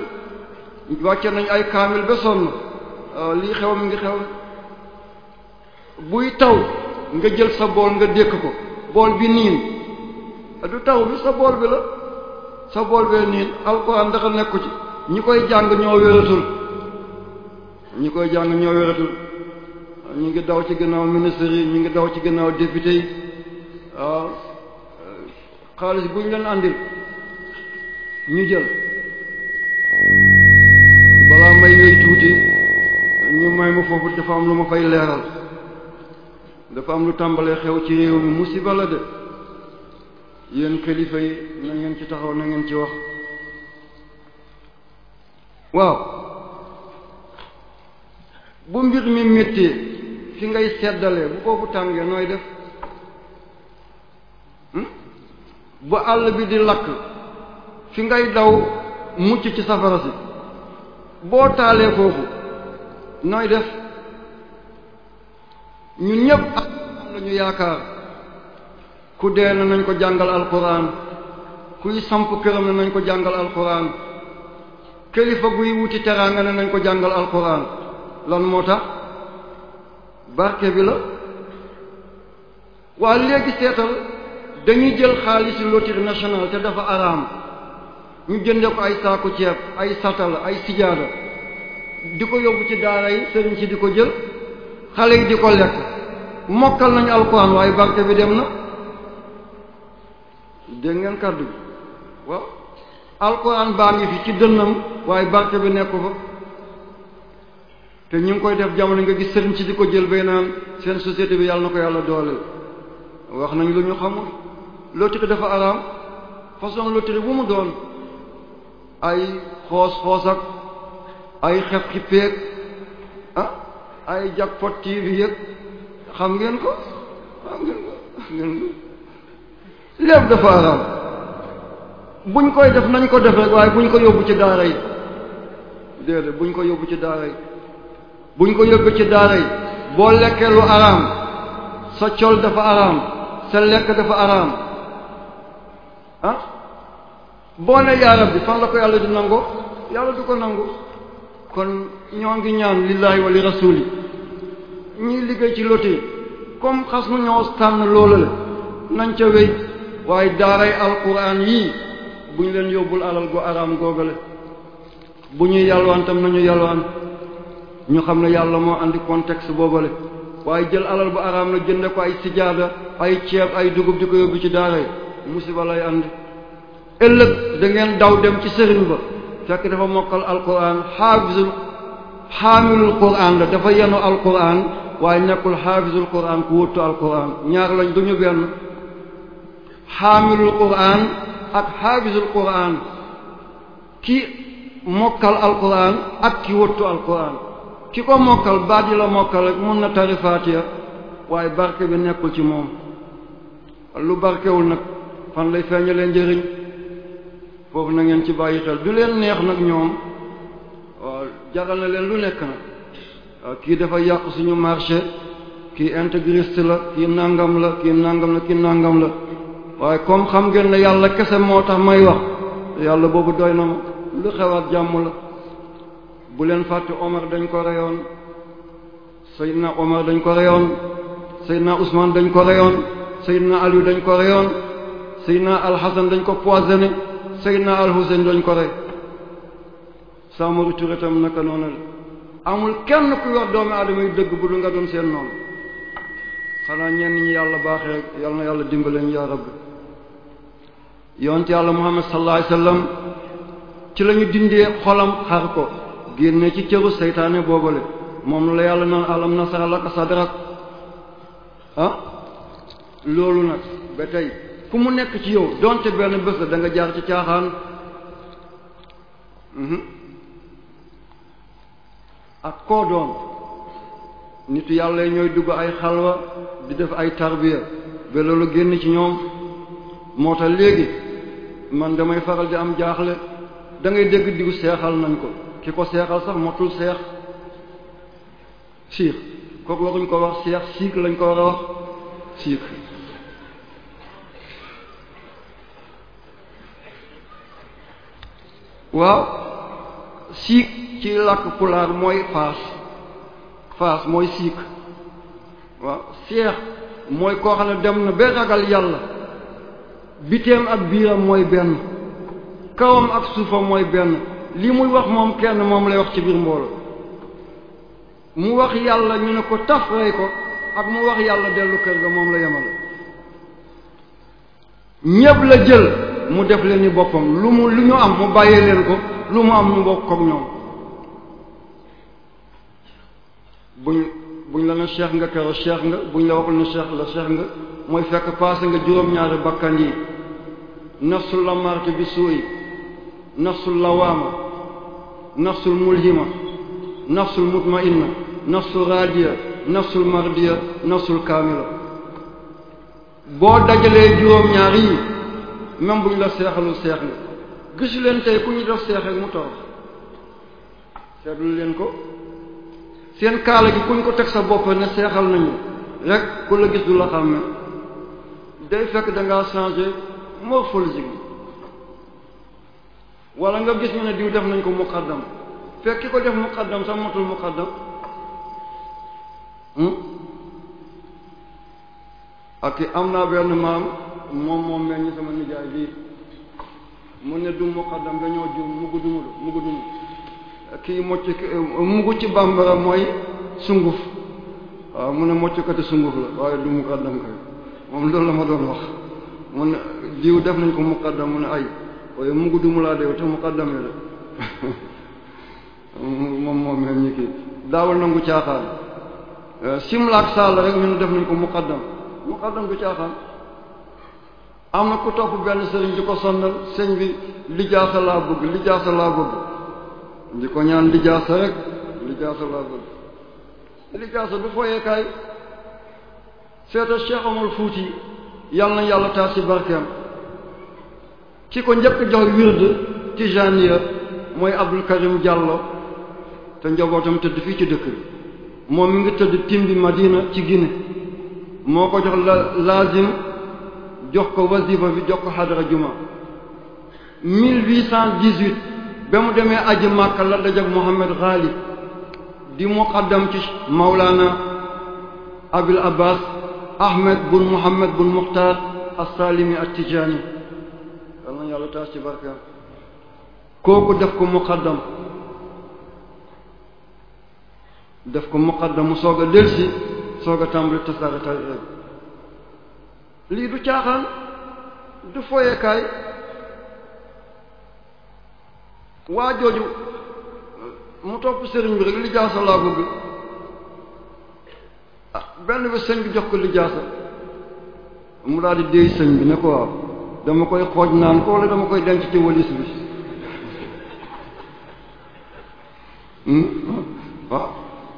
wàcce nañ ay kaamil ba sonn euh, lii xew mi ngi xew buy taw nga jël sa bool nga dékk ko bool bi niin du taw bi sa bool bi la sa bool bee niin ndax dafa nekku ci ñi koy jàng ñoo wératul ñi koy jàng ñoo wératul ñu ngi daw ci gannaaw ministre yi ñu ngi daw ci gannaaw député yi waaw xaalis bu ñu leen àndil ñu jël balaa may yooyu tuuti ñu may ma foofu dafa am lu ma fay leeral dafa am lu tàmbalee xew ci réew mi musiba la de yéen kilifa yi na ngeen ci taxaw na ngeen ci wax waaw bu mbir mi métti fi ngay seddalee bu foofu tàngee nooy def hmm? bu àll bi di lakk fi ngay daw mucc ci safara si boo taalee foofu nooy def ñun ñëpp am lañu yaakaar ku dee na nañ ko jàngal alquran kuy samp këram na nañ ko jàngal alquran kilifa guy wuti teraanga na nañ ko jàngal alquran lan moo tax barke bi la waa léegi seetal dañuy jël xaalisu loterie nationale te dafa araam ñu jënde ko ay saaku ceeb ay satala ay sijaada di ko yóbbu ci daara yi sëriñ si di ko jël xale yi di ko lekk mokkal nañu alxuraan waaye barke bi dem na dégg ngeen kàddu bi waaw alxuraan baa ngi fi ci dënnam waaye barke bi nekk ko te ñu ngi koy def jamono nga gis sëriñ si di ko jël bay naan seen société bi yàlla na ko yàlla dooleel wax nañu lu ñu xamul loterie dafa araam façon loterie bu mu doon ay xoos-xoos ay xef-xippeeg ah ay jackpot TV yëg xam ngeen ko xam ngeen ko ko dafa araam buñ koy def nañ ko def rek waaye buñ ko yóbbu ci daara yi déedéet buñ ko yóbbu ci daara buñ ko yóbbu ci daara yi boo lekkeelu lu araam sa col dafa araam sa lekk dafa araam ah? boo ne yaaram bi fan la ko yàlla di nangoo yàlla du ko nangu kon ñoo ngi ñaan lillahi wa li rasuli ñiy liggéey ci loto comme xas nu ñoo tànn loolu la nañ ca wéy waaye daaray alquran yii bu ñu leen yóbbul alal gu araam googale bu ñuy yàlwaan tam nañu yàlwaan ñu xam ne yàlla moo andi contexte boobale waaye jël alal bu araam la jënd ko ay sijaada ay ceeb ay dugub di ko yóbbu ci daara yi musiba lay ànd ëllëg da ngeen daw dem ci sëriñ ba fekk dafa mokkal alquran xaafizul xaamilul quran la dafa yenu alquran waaye nekkul xaafizul quran ku wuttu alquran ñaar lañ duñu benn ak xaafizul quran ki mokkal alquran ak ki wuttu alquran ki ko mokkal baat mokkal mun na tari faatiya waaye barke bi nekkul ci moom lu barkewul nag fan lay feeñalee njëriñ foofu na ngeen ci bàyyi xel du leen neex nag ñoom waaw jaral na leen lu nekk nag waaw kii dafa yàq suñu marché kii intégriste la kii nangam la kii nangam la kii nàngam la waaye comme xam ngeen ne yàlla kese moo tax may wax yàlla boobu doy na ma lu xewaat jàmm la bu leen fàtte Omar dañ ko reyoon na Omar dañ ko reyoon na Ousmane dañ ko reyoon Seydina Aliou dañ ko reyoon Seydina Alxasan dañ ko poisonné Seydina Al-Hussein dañ ko rey Samori Touré tam naka noonu amul kenn ku yor doomi aadama yu dëgg bu du nga doon seen noonu xanaa ñenn ñi yàlla baaxee rek na yàlla dimbaleen yaa rabbi yonte yàlla Muhammad sallallahu alayhi wasallam ci lañu dindee xolam xar ko génne ci cëru seytaane boobale moom la yàlla naan alam nasara laka sadrak ah loolu nag ba tey fu mu nekk ci yow donte benn bés la da nga jaar ci caaxaan mhm. ak koo doon nitu yàlla ñooy dugg ay xalwa di def ay tarbiya ba loolu génn ci ñoom moo tax léegi man damay faral di am jaaxle dangay ngay dégg digu seexal nañ ko ki ko seexal sax motul seex siix kooku waruñ ko wax seex siik lañ ko war wax siik waaw siik ci làkk pulaar mooy faas faas mooy siik waaw seex mooy koo xam ne dem na ba ragal yàlla biteem ak biiram mooy benn kawam ak suufam mooy benn li muy wax moom kenn moom lay wax ci biir mbooloo mu wax yàlla ñu ne ko tax rey ko ak mu wax yàlla dellu kër ga moom la yemale ñépp la jël mu def leen ni boppam lu mu lu ñu am mu bàyyee leen ko lu mu am ñu bokk ak ñoom buñ buñ la ne cheikh nga kero cheikh nga buñ la waxul ne cheikh la cheikh nga mooy fekk passé nga juróom-ñaari bàkkan yi nafsul lamartu bi suuy nafsul lawaama nafsul mulhima nafsul mutmainna nafsul radia nafsul mardia nafsul kaamila boo dajalee juróom-ñaar yi même bu ñu la seexalul seexlu gisu leen tey ku ñu def seex rek mu torox seetlu leen ko seen kaala gi kuñ ko teg sa bopp ne seexal nañu rek ku la gis du la xàmme day fekk da ngaa changer morphologie wala nga gis ñu ne diw def nañ ko muqaddam fekk ki ko def muqaddam sax matul muqaddam hmm? ak am naa benn maam moom moom mel ni sama nijaay bii mu ne du muqaddam dañoo jur mugu dumu mugu dumu kii mocc mugu ci bambara mooy sunguf waaw mu ne moccukati sunguf la waaye du muqaddam kay moom loolu la ma doon wax mu ne diw def nañ ko muqaddam mu ne ay waaye mugu dumu laa <laughs> moom moom mel ni kii daawal nangu caaxaan simlaak saal rek ñu ne def nañ ko muqaddam muqaddam du caaxaan am na ku topp benn sëriñ di ko sonnal sëñ bi lijaasa laa bëgg lijaasa laa bëgg di ko ñaan lijaasa rek lijaasa laa bëgg lijaasa du foyeekaay seeta Cheikh Fuuti yàlla na yàlla taas ci barkeem ki ko njëkk jox wird Tijaaniya mooy Abdul Karim Diallo te njabootam tëdd fii ci dëkk bi moom i ngi tëdd timbi Madina ci Guinée moo ko jox la jox ko wasifa bi jox ko xadara juma 1818 mu demee aji Makka la dajak Mohammed Ghalib di muqaddam ci Mawlana Abil Abbas Ahmed bun Mohammed bun Mukhtar as-Salimi at-Tijani kooku def ko muqaddam def ko muqaddam mu soog a delsi soog a tàmbali tasaare lii du caaxaan du foyekaay waa jooju mu topp sëriñ bi rek lijaasa laa bëgg ah, benn bi sëñ bi jox ko lijaasa mu daal di déy sëñ bi ne ko waaw dama koy xooj naan ko wala dama koy denc ci walis bi hmm? waaw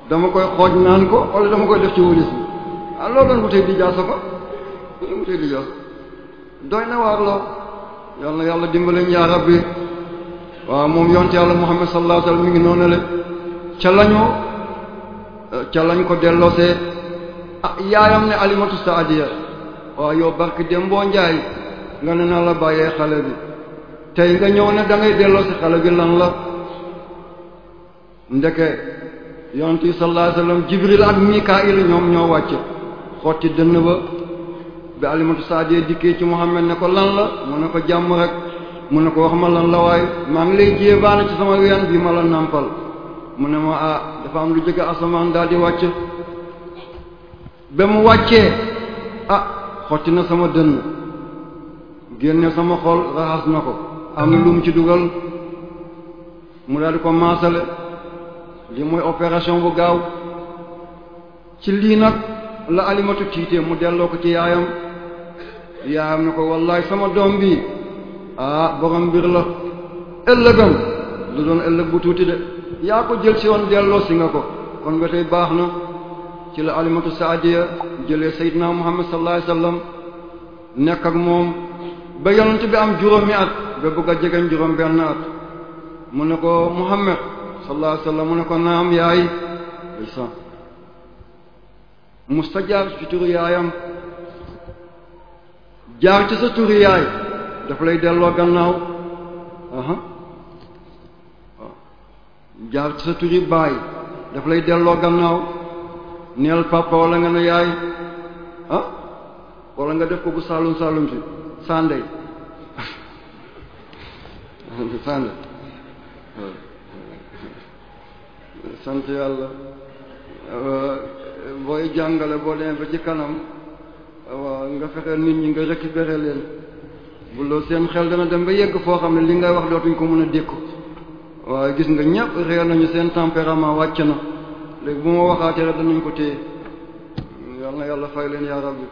dama koy xooj naan ko wala dama koy def ci walis bi ah loo doon wutee lijaasa ko bu amutee liggéey doy na waar la yal na yàlla dimbale ñu yaa rabbi waaw moom yonte yàlla Muhammad sallallahu alayhi wasallam mi ngi noonu le ca lañu eh, ca lañ ko delloosee ah yaayam ne alimatu saadiya waaw yow barki dem boo njaay nga ne naa la bàyyee xale bi tey nga ñëw ne da delloosi xale bi lan la ndeke yonte sallallahu Jibril ak Mikaayil ñoom ñoo wàcc xotti dënn ba bi alimatu saadiya dikkee ci Muhammad ne ko lan la mu ne ko jàmm rek mu ne ko wax ma lan la waaye maa ngi lay jéebaane ci sama ween bi ma la nàmpal mu ne ma ah dafa am lu jóge asamaan daal di wàcc ba mu wàccee a ah, xotti na sama dënn génne sama xol raxas na ko am na ci dugal mu daal di ko maasale li mooy opération bu gaaw ci lii nag la alimatu tiitee mu delloo ko ci yaayam yaayam ne ko wallaay sama doom bi ah borom mbir la doon ëllëg bu tuuti de yaa ko jël ci won delloo si nga ko kon ba baax na ci la alimatu saadiya jëlee sayyidina muhammad sallallahu alayhi wasallam nekk ak moom ba yonent bi am juróomi at ba bëgg a jegeñ juróom benn at mu ne ko muhammad sallallahu alayhi mu ne ko naam yaay sa mustajaab yaayam jaar ci sa turi yaay daf lay delloo gannaaw jaar ci sa turi baay daf lay delloo gannaaw neel papa wala nga ne yaay ah nga def ko bu saalum saalum si sandey <laughs> sandey <laughs> sant yàlla booy jàngale boo demee ba ci kanam waaw nga fexe nit ñi nga récupérer leen bu loolu seen xel dana dem ba yegg foo xam ne li ngay wax dootuñ ko mën a dékku waaye gis nga ñépp réer nañu seen tempérament wàcc na léegi bu ma waxaatee rek danañ ko téye yal na yàlla fay leen yaa rabbi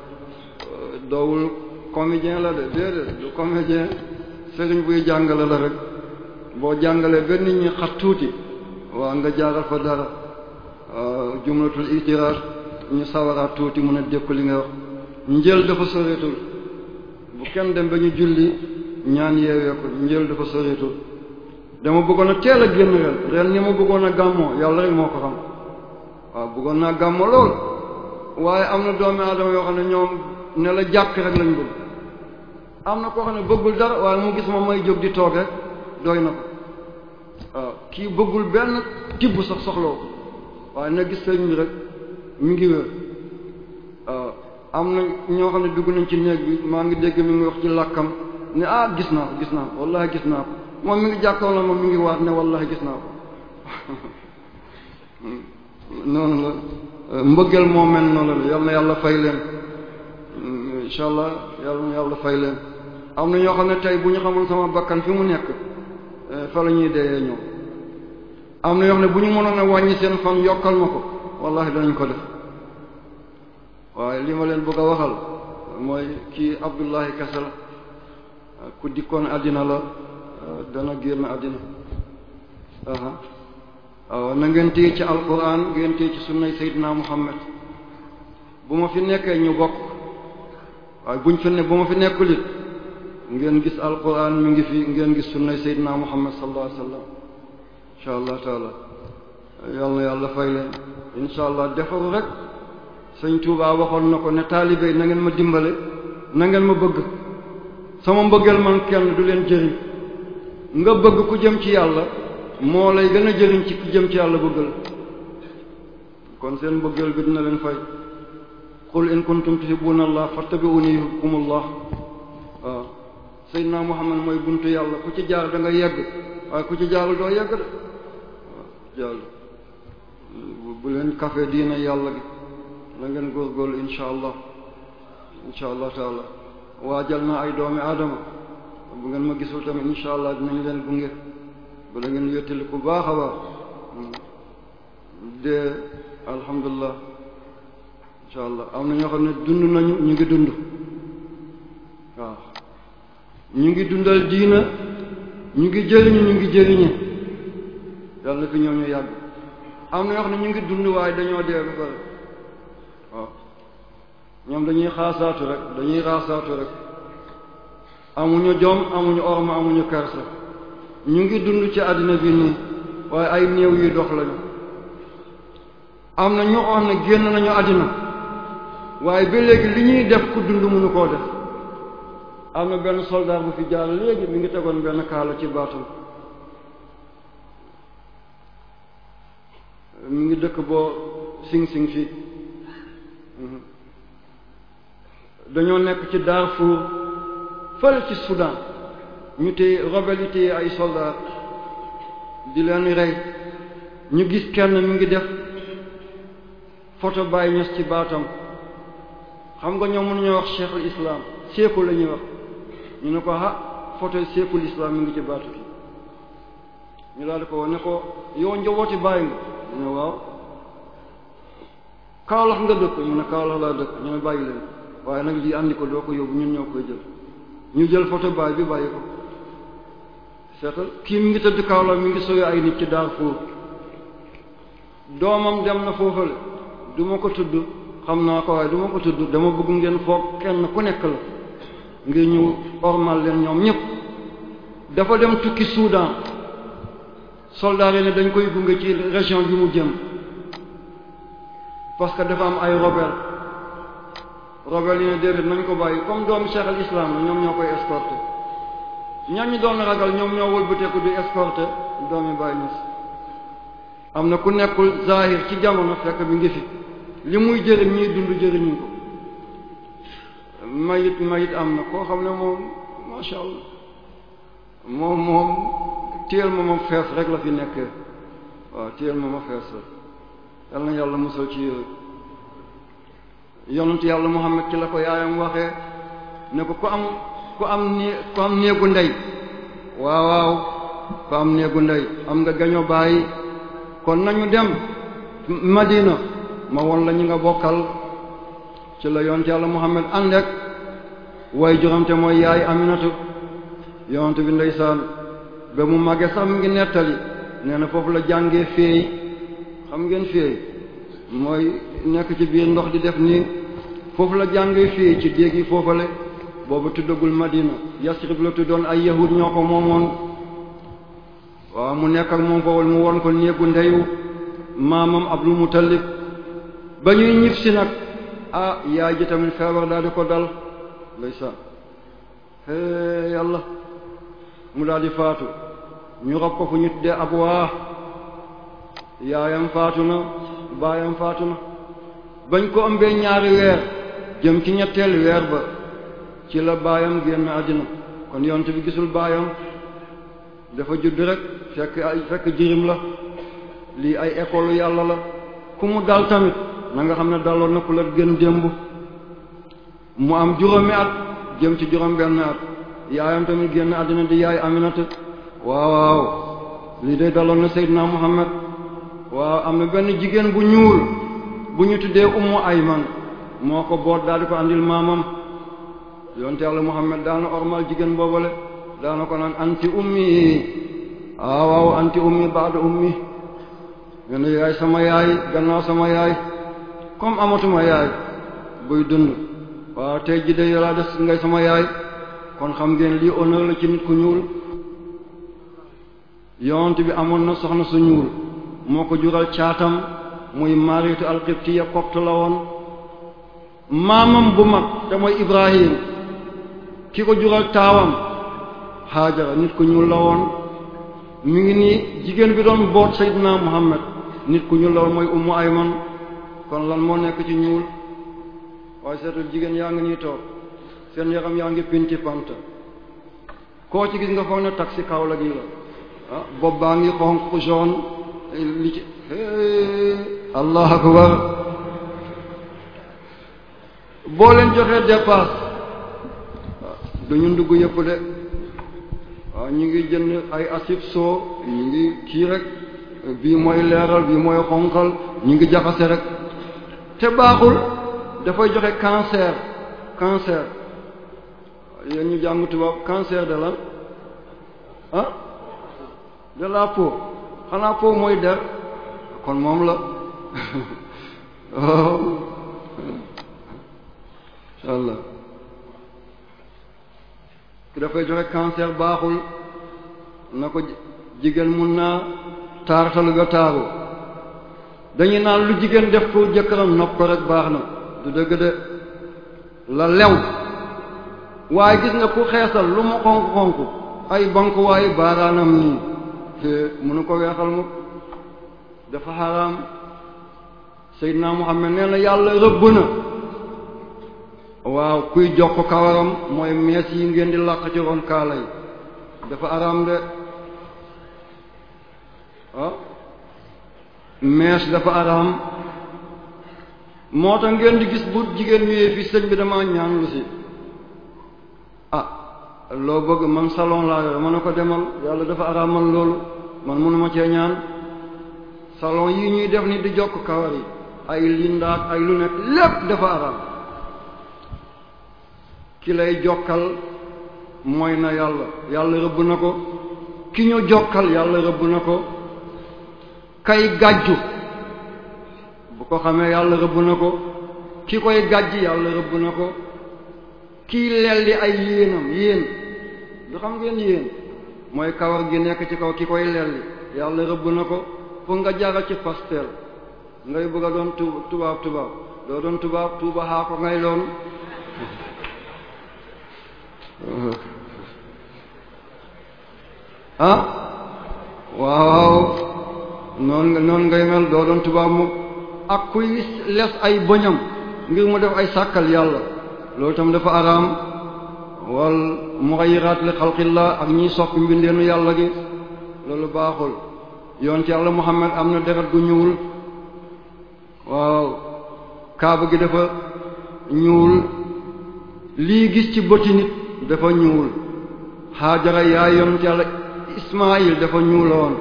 doowul comédien la de déedéet du comédien sëriñ buy jàngale la rek boo jàngalee benn nit ñi xat tuuti waa nga jaaral fa dara jumlatul itiraar ñu sawaraat tuuti mën a dékku li nga wax njël dafa soreetul bu kenn dem ba ñu julli ñaan yeeweekul njël dafa soreetul dama bëggoon a teel a génn ren ren ni ma bëggoon a gàmmoo yàlla rek moo ko xam waaw bëggoon naa gàmmoo lool waaye am na doomi aadama yoo xam ne ñoom ne la jàkk rek lañ bëgg am na koo xam ne bëggul dara waaye mu gis ma may jóg di toog rek doy na ko waaw kii bëggul benn tibb sax soxloo waaye na gis sëñ bi rek mi ngi wér am na ñoo xam ne dugg nañ ci néeg bi maa ngi dégg mi ngi wax ci làkkam ne ah gis naa ko gis naa ko wallahi gis naa ko moom mi ngi jàkkoon la moom mi ngi waat ne wallahi gis naa ko <laughs> noonu la mbëggeel moo noonu la yal na yàlla fay leen incha allah na yàlla fay leen am na ñoo xam ne tey bu ñu xamul sama bakkan fi mu nekk eh, fa la ñuy deeyee ñoom am na ñoo xam ne bu ñu mënoon a wàññi seen fan yokkal ma ko wallahi danañ ko def waaye li ma leen bëgg a waxal mooy kii Abdullahi Kese la ku dikkoon àddina la dana génn àddina waaw na ngeen téye ci alquran ngeen téye ci sunnay Seydina Muhammad bu ma fi nekkee ñu bokk waaye buñ fi ne bu ma fi nekkul it ngeen gis alquran mi ngi fi ngeen gis sunnay Seydina Muhammad sallallahu alayhi wa sallam insha allah taala yàlla na yàlla fay leen insha allah defaru rek sëñ Touba waxoon na ko ne taalibe yi na ngeen ma dimbale nangeen ma bëgg sama mbëggeel man kenn du leen jëriñ nga bëgg ku jëm ci yàlla moo lay gën a jëriñ ci ku jëm ci yàlla bëggal kon seen mbëggeel bi dina leen fay qul in kuntum tuhibbuna allah fattabi'uni yuhibbukum allah waaw seydina muhammad mooy buntu yàlla ku ci jaar da nga yegg waaye ku ci jaarul doo yegg de waaw jàll bu leen kafe diina yàlla gi na ngeen góorgóorlu incha allah incha allah taala waajal na ay doomi aadama bu ngeen ma gisul tamit incha allah dinañ leen gunge ba la ngeen wéttali ku baax a baax de alhamdulilah incha allah am na ñoo xam ne dund nañu ñu ngi dund waaw ñu ngi dundal diina ñu ngi jëriñu ñu ngi jëriñe yàlla na fi ñoom ñu yàgg am na ñoo xam ñu ngi dund waaye dañoo dee ba pare ñoom dañuy xaasaatu rek dañuy xaasaatu rek amuñu jom amuñu orma amuñu kersa ñu ngi dund ci àddina bi nii waaye ay néew yuy dox lañu am na ñoo xam ne génn nañu àddina waaye ba léegi li ñuy def ku dund mënu koo def am na benn soldat bu fi jaar léegi mi ngi tegoon benn kaala ci baatam mi ngi dëkk boo sing sing fii mhm. dañoo nekk ci Darfour fële ci Soudan ñu téye rebelle ay soldats di leen rey ñu gis kenn mu ngi def photo Baye Niass ci baatam xam nga ñoom mënuñu wax cheikhul islam seeku la ñuy wax ñu ne ko ah photo cheikhul islam mi ngi ci baatu bi ñu laa di ko ne ko yow njabooti Baye nga ñu ne waaw Kaolack nga dëkk ñu ne Kaolack laa dëkk ñu ne bàyyi leen waaye nag lii andi ko doo ko yóbbu ñun ñoo koy jël ñu jël photo baay bi bàyyi ko seetal kii mi ngi tëdd kaawla mi ngi soyo ay nit ci daar fóor doomam dem na foofale du ma ko tudd xam naa ko waaye du ma ko tudd dama bëgg ngeen foog kenn ku nekk la ngir ñu ormal leen ñoom ñëpp dafa dem tukki Soudan soldats yi ne dañ koy gunge ci région bi mu jëm parce que dafa am ay robert Robert ñu ne déedéet nañ ko bàyyi comme doomi Cheikh al Islam la ñoom ñoo koy escorté ñooñu doon ragal ñoom ñoo wëlbateeku di escorté doomi Baye Niass am na ku nekkul zahir ci jamono fekk bi ngi fi li muy jëriñ ñiy dund jëriñu ko mayit mayit am na koo xam ne moom masha Allah moom moom téel ma ma fees rek la fi nekk waaw téel ma ma fees rek na yàlla musal ci yooyu yonent yàlla Muhammad ci la ko yaayam waxee ne ko ko am ku am ni ku am néegu ndey waaw waaw ku am néegu ndey am nga gaño bàyyi kon nañu dem Madina ma won la ñi nga bokkal ci la yonent yàlla Muhammad ànd ak way juróomte mooy yaay Aminatu yonent bi ndeysaan ba mu màggee sax mi ngi nettali nee na foofu la jàngee feey xam ngeen feey mooy nekk ci biir ndox di def nii foofu la jàngee fii ci déeg yi foofale boobu tuddagul Madina Yasrib la tuddoon ay yahud ñoo ko moomoon waaw mu nekk ak moom foofu mu won ko néegu ndeyu maamam Abdul Muttalib ba ñuy ñib si nag ah yaay ji tamit feebar daal di ko dal ndeysaan hee yàlla mu daal di faatu ñu rob ko fu ñu tuddee Abwaa yaayam faatu na baayam faatuma bañ ko ëmbee ñaari weer jëm ci ñetteel weer ba ci la baayam génn àddina kon yonte bi gisul baayam dafa judd rek fekk ay fekk jirim la lii ay école yàlla la ku mu dal tamit na nga xam ne daloon na ku la gën démb mu am juróomi at jëm ci juróom benn at yaayam tamit génn àddina di yaay Aminata waaw waaw lii day daloon na Seydina Muhammad waaw am na benn jigéen bu ñuul bu ñu tuddee ay man moo ko boot daal di ko andil maamam yonte yàlla daa daana ormal jigéen boobale daana ko naan anti ummi ah, waaw anti ummi baada ummi yéen yaay sama yaay gannaaw sama yaay comme amatuma yaay buy dund waaw tey jii de yàlla ngay sama yaay kon xam ngeen lii honneur la ci nit ku ñuul yonent bi amoon na soxna su ñuul. moo ko jural caatam muy maritu alqibtiya koptu la woon maamam bu mag te mooy ibrahim ki ko jural taawam xaajara nit ku ñuul la woon mi ngi ni jigéen bi doon boot sayyidina muhammad nit ku ñuul la woon mooy ummu ayman kon lan moo nekk ci ñuul waaye seetul jigéen yaa ngi nii toog seen yaram yaa ngi pinti pant koo ci gis nga foog ne taxi kaw la gi ah, la baa ngi xonq jaune li ci allah akbar boo leen joxee dépasse dañu dugg yëpp de waaw ñu ngi jënd ay asib soo ñu ngi kii rek bii mooy leeral bii mooy xonqal ñu ngi jaxase rek te baaxul dafay joxe cancer cancer yéen ñu jàng tubaab cancer de la ah de la peau xanaa po mooy der kon moom la waaw oh. insha allah ki dafay joxe cancer baaxul na ko jigéen mun naa taaratalu ga taaru dañuy naan lu jigéen def ko jëkkëram nopp ko rek baax na du dëgg de la lew waaye gis nga ku xeesal lu mu xonk xonk ay bank waaye baaraanam nii te mënu ko weexal mu dafa xaraam Seydina Muhammad nee na yàlla rëbb na waaw kuy jox ko kawaram mooy mees yi ngeen di làq ci ron kaala yi dafa araam de ah? mees dafa araam moo tax ngeen di gis bu jigéen ñëwee fi sëñ bi dama ñaan lu si ah, loo bëgg man salon laa yore ma ne ko demal yàlla dafa araamal loolu man mënuma ma cee ñaan salon yi ñuy def ni di jokk kawar yi ay lindaat ay lu nekk lépp dafa araam ki lay jokkal mooy na yàlla yàlla rëbb na ko ki ñu jokkal yàlla rëbb na ko kay gàjju bu ko xamee yàlla rëbb na ko ki koy gàjj yàlla rëbb na ko kii lelli ay yéenam yéen du xam ngeen yéen mooy kawar gi nekk ci kaw ki koy lelli yàlla rëbb na ko pour nga jaara ci pastel ngay bëgg a doon tubaab tubaab doo doon tubaab tuuba xaa ko ngay doon <laughs> ah waaw noon noonu nga mel doo doon tubaab mu ak kuy les ay bëñam ngir mu def ay sàkkal yàlla loolu tam dafa araam wal mughayyirat li xalqillah ak ñiy soppi mbindeenu yàlla gi loolu baaxul yoon ci yàlla Muhammad am na deret gu ñuul waaw kaaba gi dafa ñuul lii gis ci bëti nit dafa ñuul xaajara yaay yoon ci yàlla Ismaayil dafa ñuuloon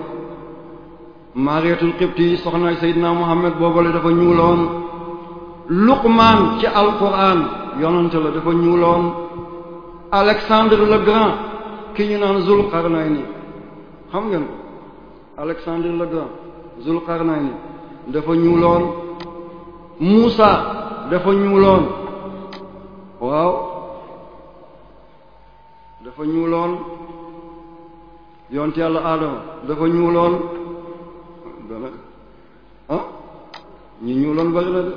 Mariyatul Qibti soxna Seydina Muhammad boobale dafa ñuuloon Luqmaan ci alquran yonante la dafa ñuuloon Alexandre le Grand ki ñu naan Zulqarnayni xam ngeen ko Alexandre le Grand Zulqarnayni dafa ñuuloon Moussa dafa ñuuloon waaw dafa ñuuloon yonte yàlla Adama dafa ñuuloon ah ñu ñuuloon bari na de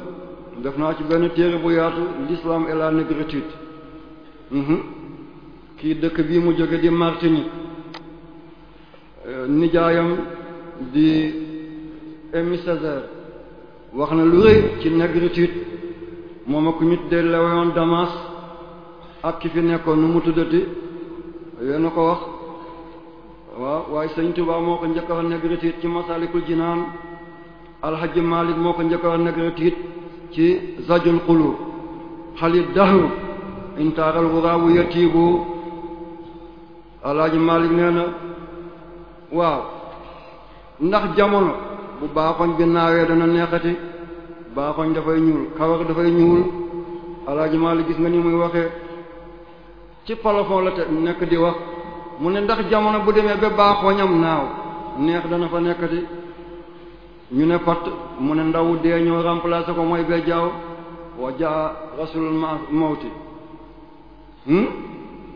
def naa ci benn téere bu yaatu l'islam et la négritude mhm. kii dëkk bi mu jóge di Martinique euh, nijaayam di Aimé wax na lu rëy ci négritude moom ak ku ñu tuddee Damas ak fi nekkoon nu mu tuddati yéen a ko wax waaw waaye Sëñ Tuubaa moo ko njëkk a wax négritude ci Masaalikul Jinaan Alxaaji Maalik moo ko njëkk a ci Zajul Quluub xalit dahru intaaral wuraawu yatiibu alaaji Malik nee na waaw ndax jamono bu baaxoñ bi naawee dana neexati baaxoñ dafay ñuul kawar dafay ñuul alaaji Malik gis nga ni muy waxee ci palafon la te nekk di wax mu ne ndax jamono bu demee ba baaxoñam naaw neex dana fa nekkati ñu ne pat mu ne ndaw dee ñoo remplacer ko mooy jaaw wa jaa rasulul mawti hmm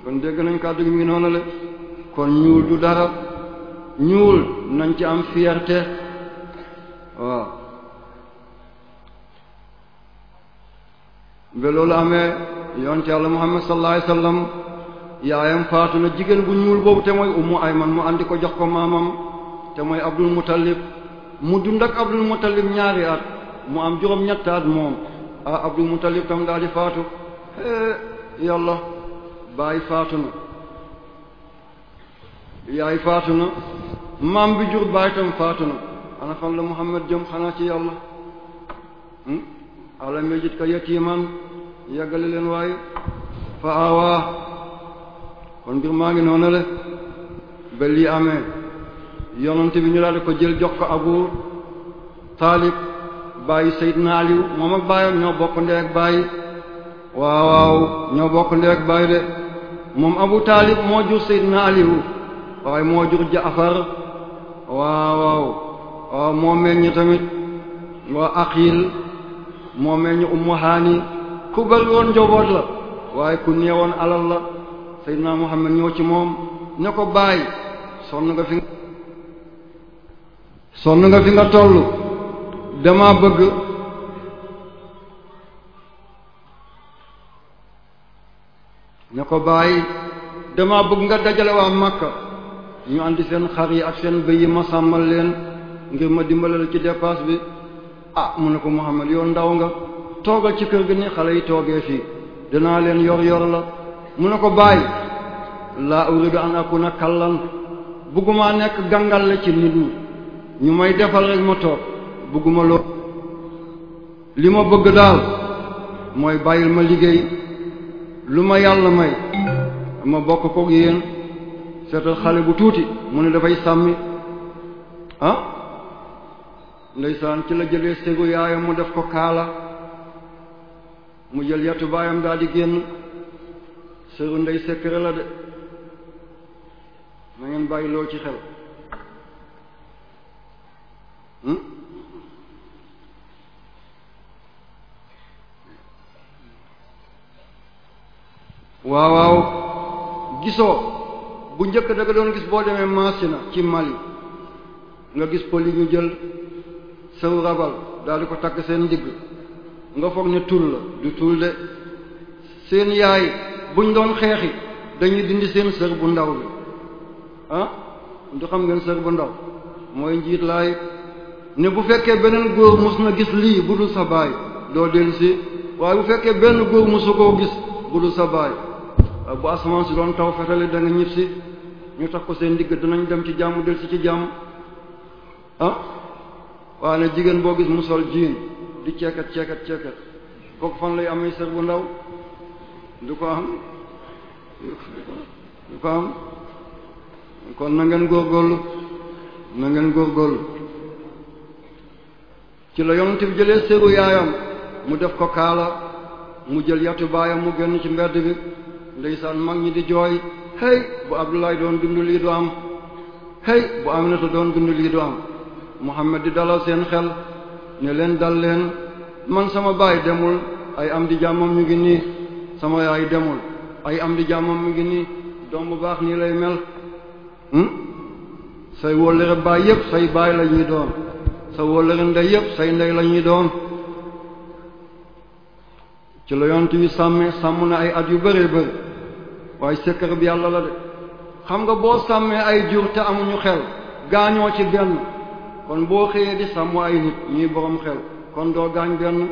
kon dégg nañ kàddu gi ngi noonu la kon ñuul du dara ñuul nañ ci am fierté waaw ba loolu amee yonte yàlla Muhammad sallallahu alayhi wasallam yaayam faatu na jigéen bu ñuul boobu te mooy ummu ayman mu andi ko jox ko maamam te mooy abdul mutallib mu dund abdul mutallib ñaari at mu am juróom ñettaat moom ah abdul mutallib tam daal di faatu eh yàlla baay faatu na yaay faatu maam bi jur baay tam faatu na ana fan la Muhammad xanaa ci yàlla hmm? alam yajid ka yatiman yàggale leen waaye fa awaa kon mbir maa ngi noonu le ba lii amee yonent bi ñu daal ko jël jox ko Abu Taalib bàyyi Seydina Aliou moom ak baayam ñoo bokk ndee ak bàyyi waaw ñoo bokk ndee ak de moom Abu Taalib moo jur Seydina Aliyu waaye moo jur Jaafar waaw waaw waaw moo meññ tamit waa Aqil moo meññ Ummu Haani ku bëri woon njaboot la waaye ku néewoon alal la Seydina Muhammad ñëw ci moom ne ko bàyyi sonn nga fi sonn nga fi nga toll dama bëgg ne ko bàyyi dama bëgg nga dajale waa Makka ñu andi seen xar yi ak seen bëy yi ma sàmmal leen ngir ma dimbalal ci dépasse bi ah mu ne ko Muhammad yow ndaw nga toogal ci kër gi ni xale yi toogee fii danaa leen yor yor la mu ne ko bàyyi laa uridu an akuna kallan bëgguma nekk gàngal ci nit ñi ñu may defal rek ma toog bëgguma loo li ma bëgg daal mooy bàyyil ma liggéey lu ma yàlla may ma bokk koog yéen seetal xale bu tuuti mu ne dafay sàmmi ah ndeysaan ci la jële segu yaayam mu def ko kaala mu jël yatu baayam daal di génn seru ndey sekkere la de na ngeen ci xel hmm? waaw waaw gisoo bu njëkk da doon gis boo demee Masina ci Mali nga gis pël yi ñu jël sëw rabal daal di ko takk seen ndigg nga foog ne tul la du tul de seen yaay buñ doon xeexi dañuy dindi seen sër bu ndaw bi ah du xam ngeen sër bu ndaw mooy njiit laay ne bu fekkee beneen góor mus na gis lii bu dul sa baay doo dellu si waaye bu fekkee benn góor musu koo gis bu dul sa baay Euh, bu asamaan si doon taw fetale da nga si ñu tax ko seen digg dinañ dem ci jàmm del si ci jàmm ah waaye ne jigéen boo gis mu sol jiin di ceekat ceekat ceekat kooku fan lay amee sër bu ndaw du ko am du ko am kon na ngeen góorgóorlu na ngeen góorgóorlu ci la yonent bi jëlee séru yaayam mu def ko kaala mu jël yatu baayam mu génn ci mbedd bi ndeysaan mag ñi di jooy hey bu Abdoulaye doon dund lii du am hey bu Aminata doon dund lii du am Muhammad di dalal seen xel ne leen dal leen man sama baay demul ay am di jàmmam ñu ngi nii sama yaay demul ay am di jàmmam mu ngi nii doom bu baax nii lay mel hmm? say wóllëre baay yépp say baay la ñuy doon sa wóllëre ndey yépp say ndey la ñuy doon ci la yonent wi sàmme sàmm na ay at yu bëree bëri waaye secret bi yàlla la de xam nga boo sàmmee ay jur te amuñu xel gaañoo ci benn kon boo xëyee di sàmm ay nit ñuy borom xel kon doo gaañ benn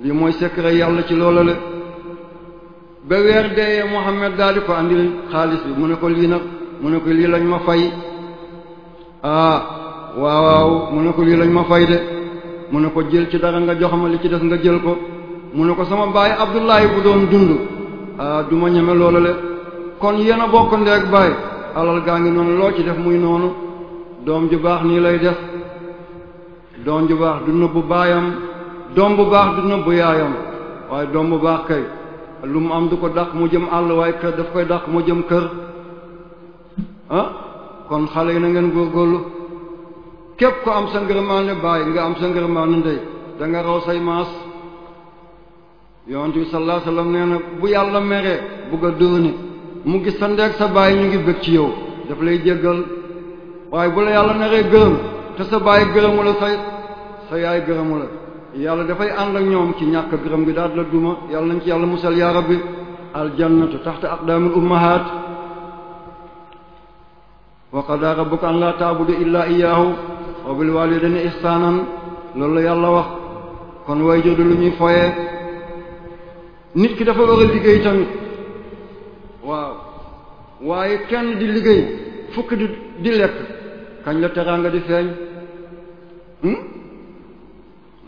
lii mooy secret yàlla ci loola la ba weer deeyee Muhammad daal andil xaalis bi mu ne ko lii nag mu ne ko lii lañ ma fay ah waaw waaw mu ne ko lii lañ ma fay de mu ne ko jël ci dara nga jox ma li ci des nga jël ko mu ne ko sama baay Abdullahi bu doon dund ah du ma ñeme loolu le kon yéen a bokk ndeeg baay alal gaa ngi noonu loo ci def muy noonu doom ju baax nii lay def doom ju baax du nëbbu baayam doom bu baax du nëbbu yaayam waaye doom bu baax kay lu mu am du ko dàq mu jëm àll waaye kër daf koy dàq mu jëm kër ah kon xale yi na ngeen góorgóorlu képp ko am sa ngërëmaane baay nga am sa ngërëmaane ndey da raw say maas yonent bi sallallahu alayhi wasallam nee na bu yàlla meree bugg a mu gis sa ndeeg sa baay ñu ngi bëgg ci yow daf lay jéggal waaye bu la yàlla naree gërëm te sa baay gërëmu la sa sa yaay gërëmu la yàlla dafay ànd ak ñoom ci ñàkk gërëm gi daal la duma yàlla nañ ci yàlla musal yaa rabbi aljannatu taxta aqdaamil ummahaat wa qadaa rabbuka an laa ta'budu illaa iyyaahu wa bil waalidayni ihsaanan loolu la yàlla wax kon way joodu lu ñuy foyee nit ki dafa war a liggéey tamit waaw waaye kenn di liggéey fukk di di lekk kañ la teraanga di feeñ hmm?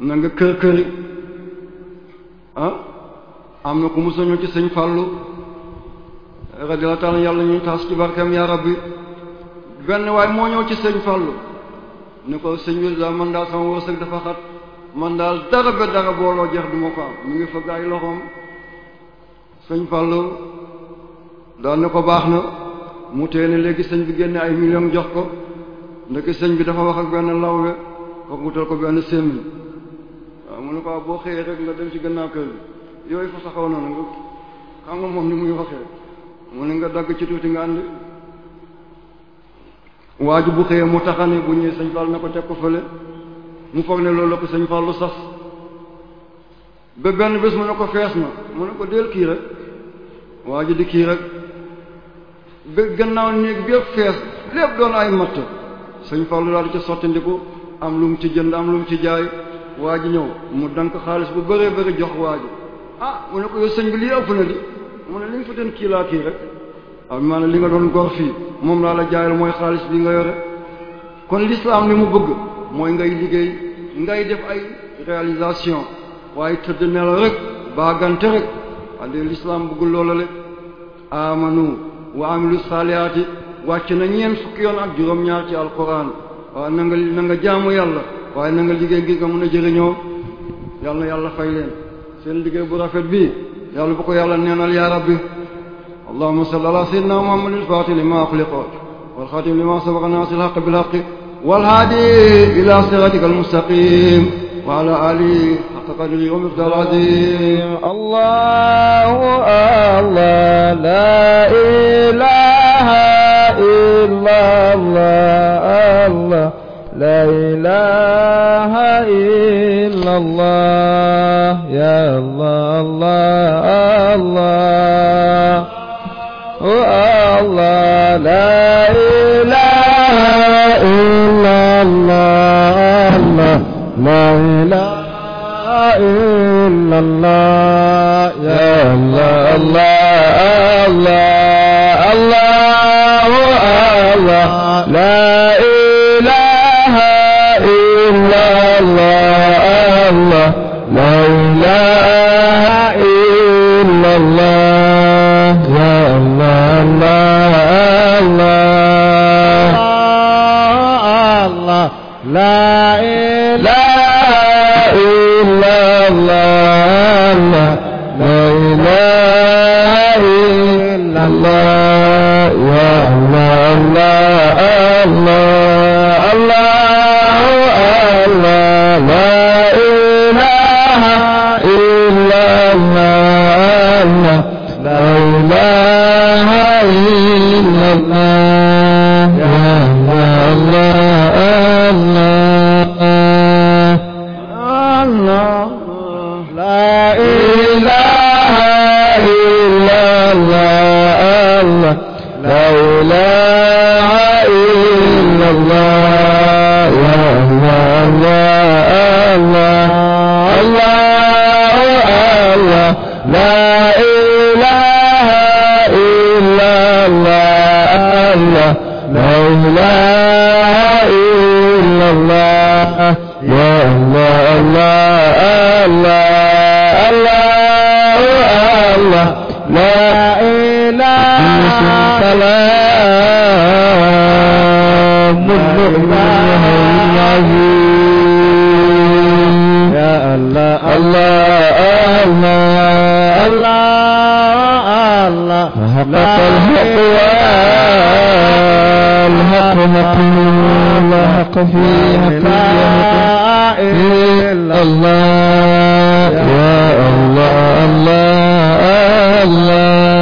na nga kër këri ah? am na ku mu ci sëñ Fàllu radiyallahu ta'ala yàlla ñuy taas ci barkeem yaa rabbi benn waaye moo ñëw ci sëñ Fàllu ne ko sëñ bi daal man daal sama wërsëg dafa xat man daal dara ba dara booloo jeex du ma mu ngi fëgg ay loxoom sëñ Fallou daan ne ko baax na mu tee ne léegi sëñ bi génne ay million jox ko ndeke sëñ bi dafa wax ak benn lawbe ko ngutal ko benn semmi waaw mu ne ko boo xëyee rek nga dem ci gannaaw kër bi yooyu fa saxaw na nga nga moom ni muy waxee mu nga dagg ci tuuti nga àndi waaju bu xëyee mu taxani bu ñëwee sëñ Fallou na ko teg ko fële mu foog ne loolu la ko sëñ Fallou sas ba benn bés mu ne ko fees na mu ne ko del kii rek waa ji di kii rek ba gannaaw néeg bi fees lépp doon ay matt sëñ Fallu daal di ci sottandiku am lu mu ci jënd am lu mu ci jaay waa ji ñëw mu dank xaalis bu bëree bëri jox waa ji ah mu ne ko yow sëñ bi lii ëpp na di mu ne li nga fa doon kii rek ah maanaam li nga doon gor fii moom laa la jaayal mooy xaalis bi nga yore kon l'islam li mu bëgg mooy ngay liggéey ngay def ay réalisation waaye tëdd nelaw rek baagante rek ade l'islam bëggul loolale amanu wa amilu saalihaati wàcc na ñeent fukki yoon ak juróom-ñaar ci alquran waaye na nga na jaamu yàlla waaye na nga liggéey ngir nga mën a jëriñoo yàlla na yàlla fay leen seen liggéey bu rafet bi yàlla bu ko yàlla neenal ya rabbi allahumma salli ala sayyidina muhammadin fatih lima ukhliqa wal khatim lima sabaqa nasil haqq bil haqq wal hadi ila siratikal mustaqim wa ala alihi حق قدره ومقداره الله الله لا إله إلا الله الله لا إله إلا الله يا الله الله الله الله لا إله إلا الله الله لا إله إلا الله يا الله الله الله الله الله لا إله إلا الله الله لا إله إلا الله يا الله الله الله الله لا إله الله لا إله إلا الله يا الله الله الله الله الله لا إله إلا الله لا إله إلا الله لا إله إلا الله الله الله الله الله لا إله إلا الله الله لا إله إلا الله يا الله الله الله الله الله لا إله سلام المؤمن العظيم يا الله الله الله الله الله حقق الحق والحق حق الله حق فيه حق الله Allah Allah Allah Allah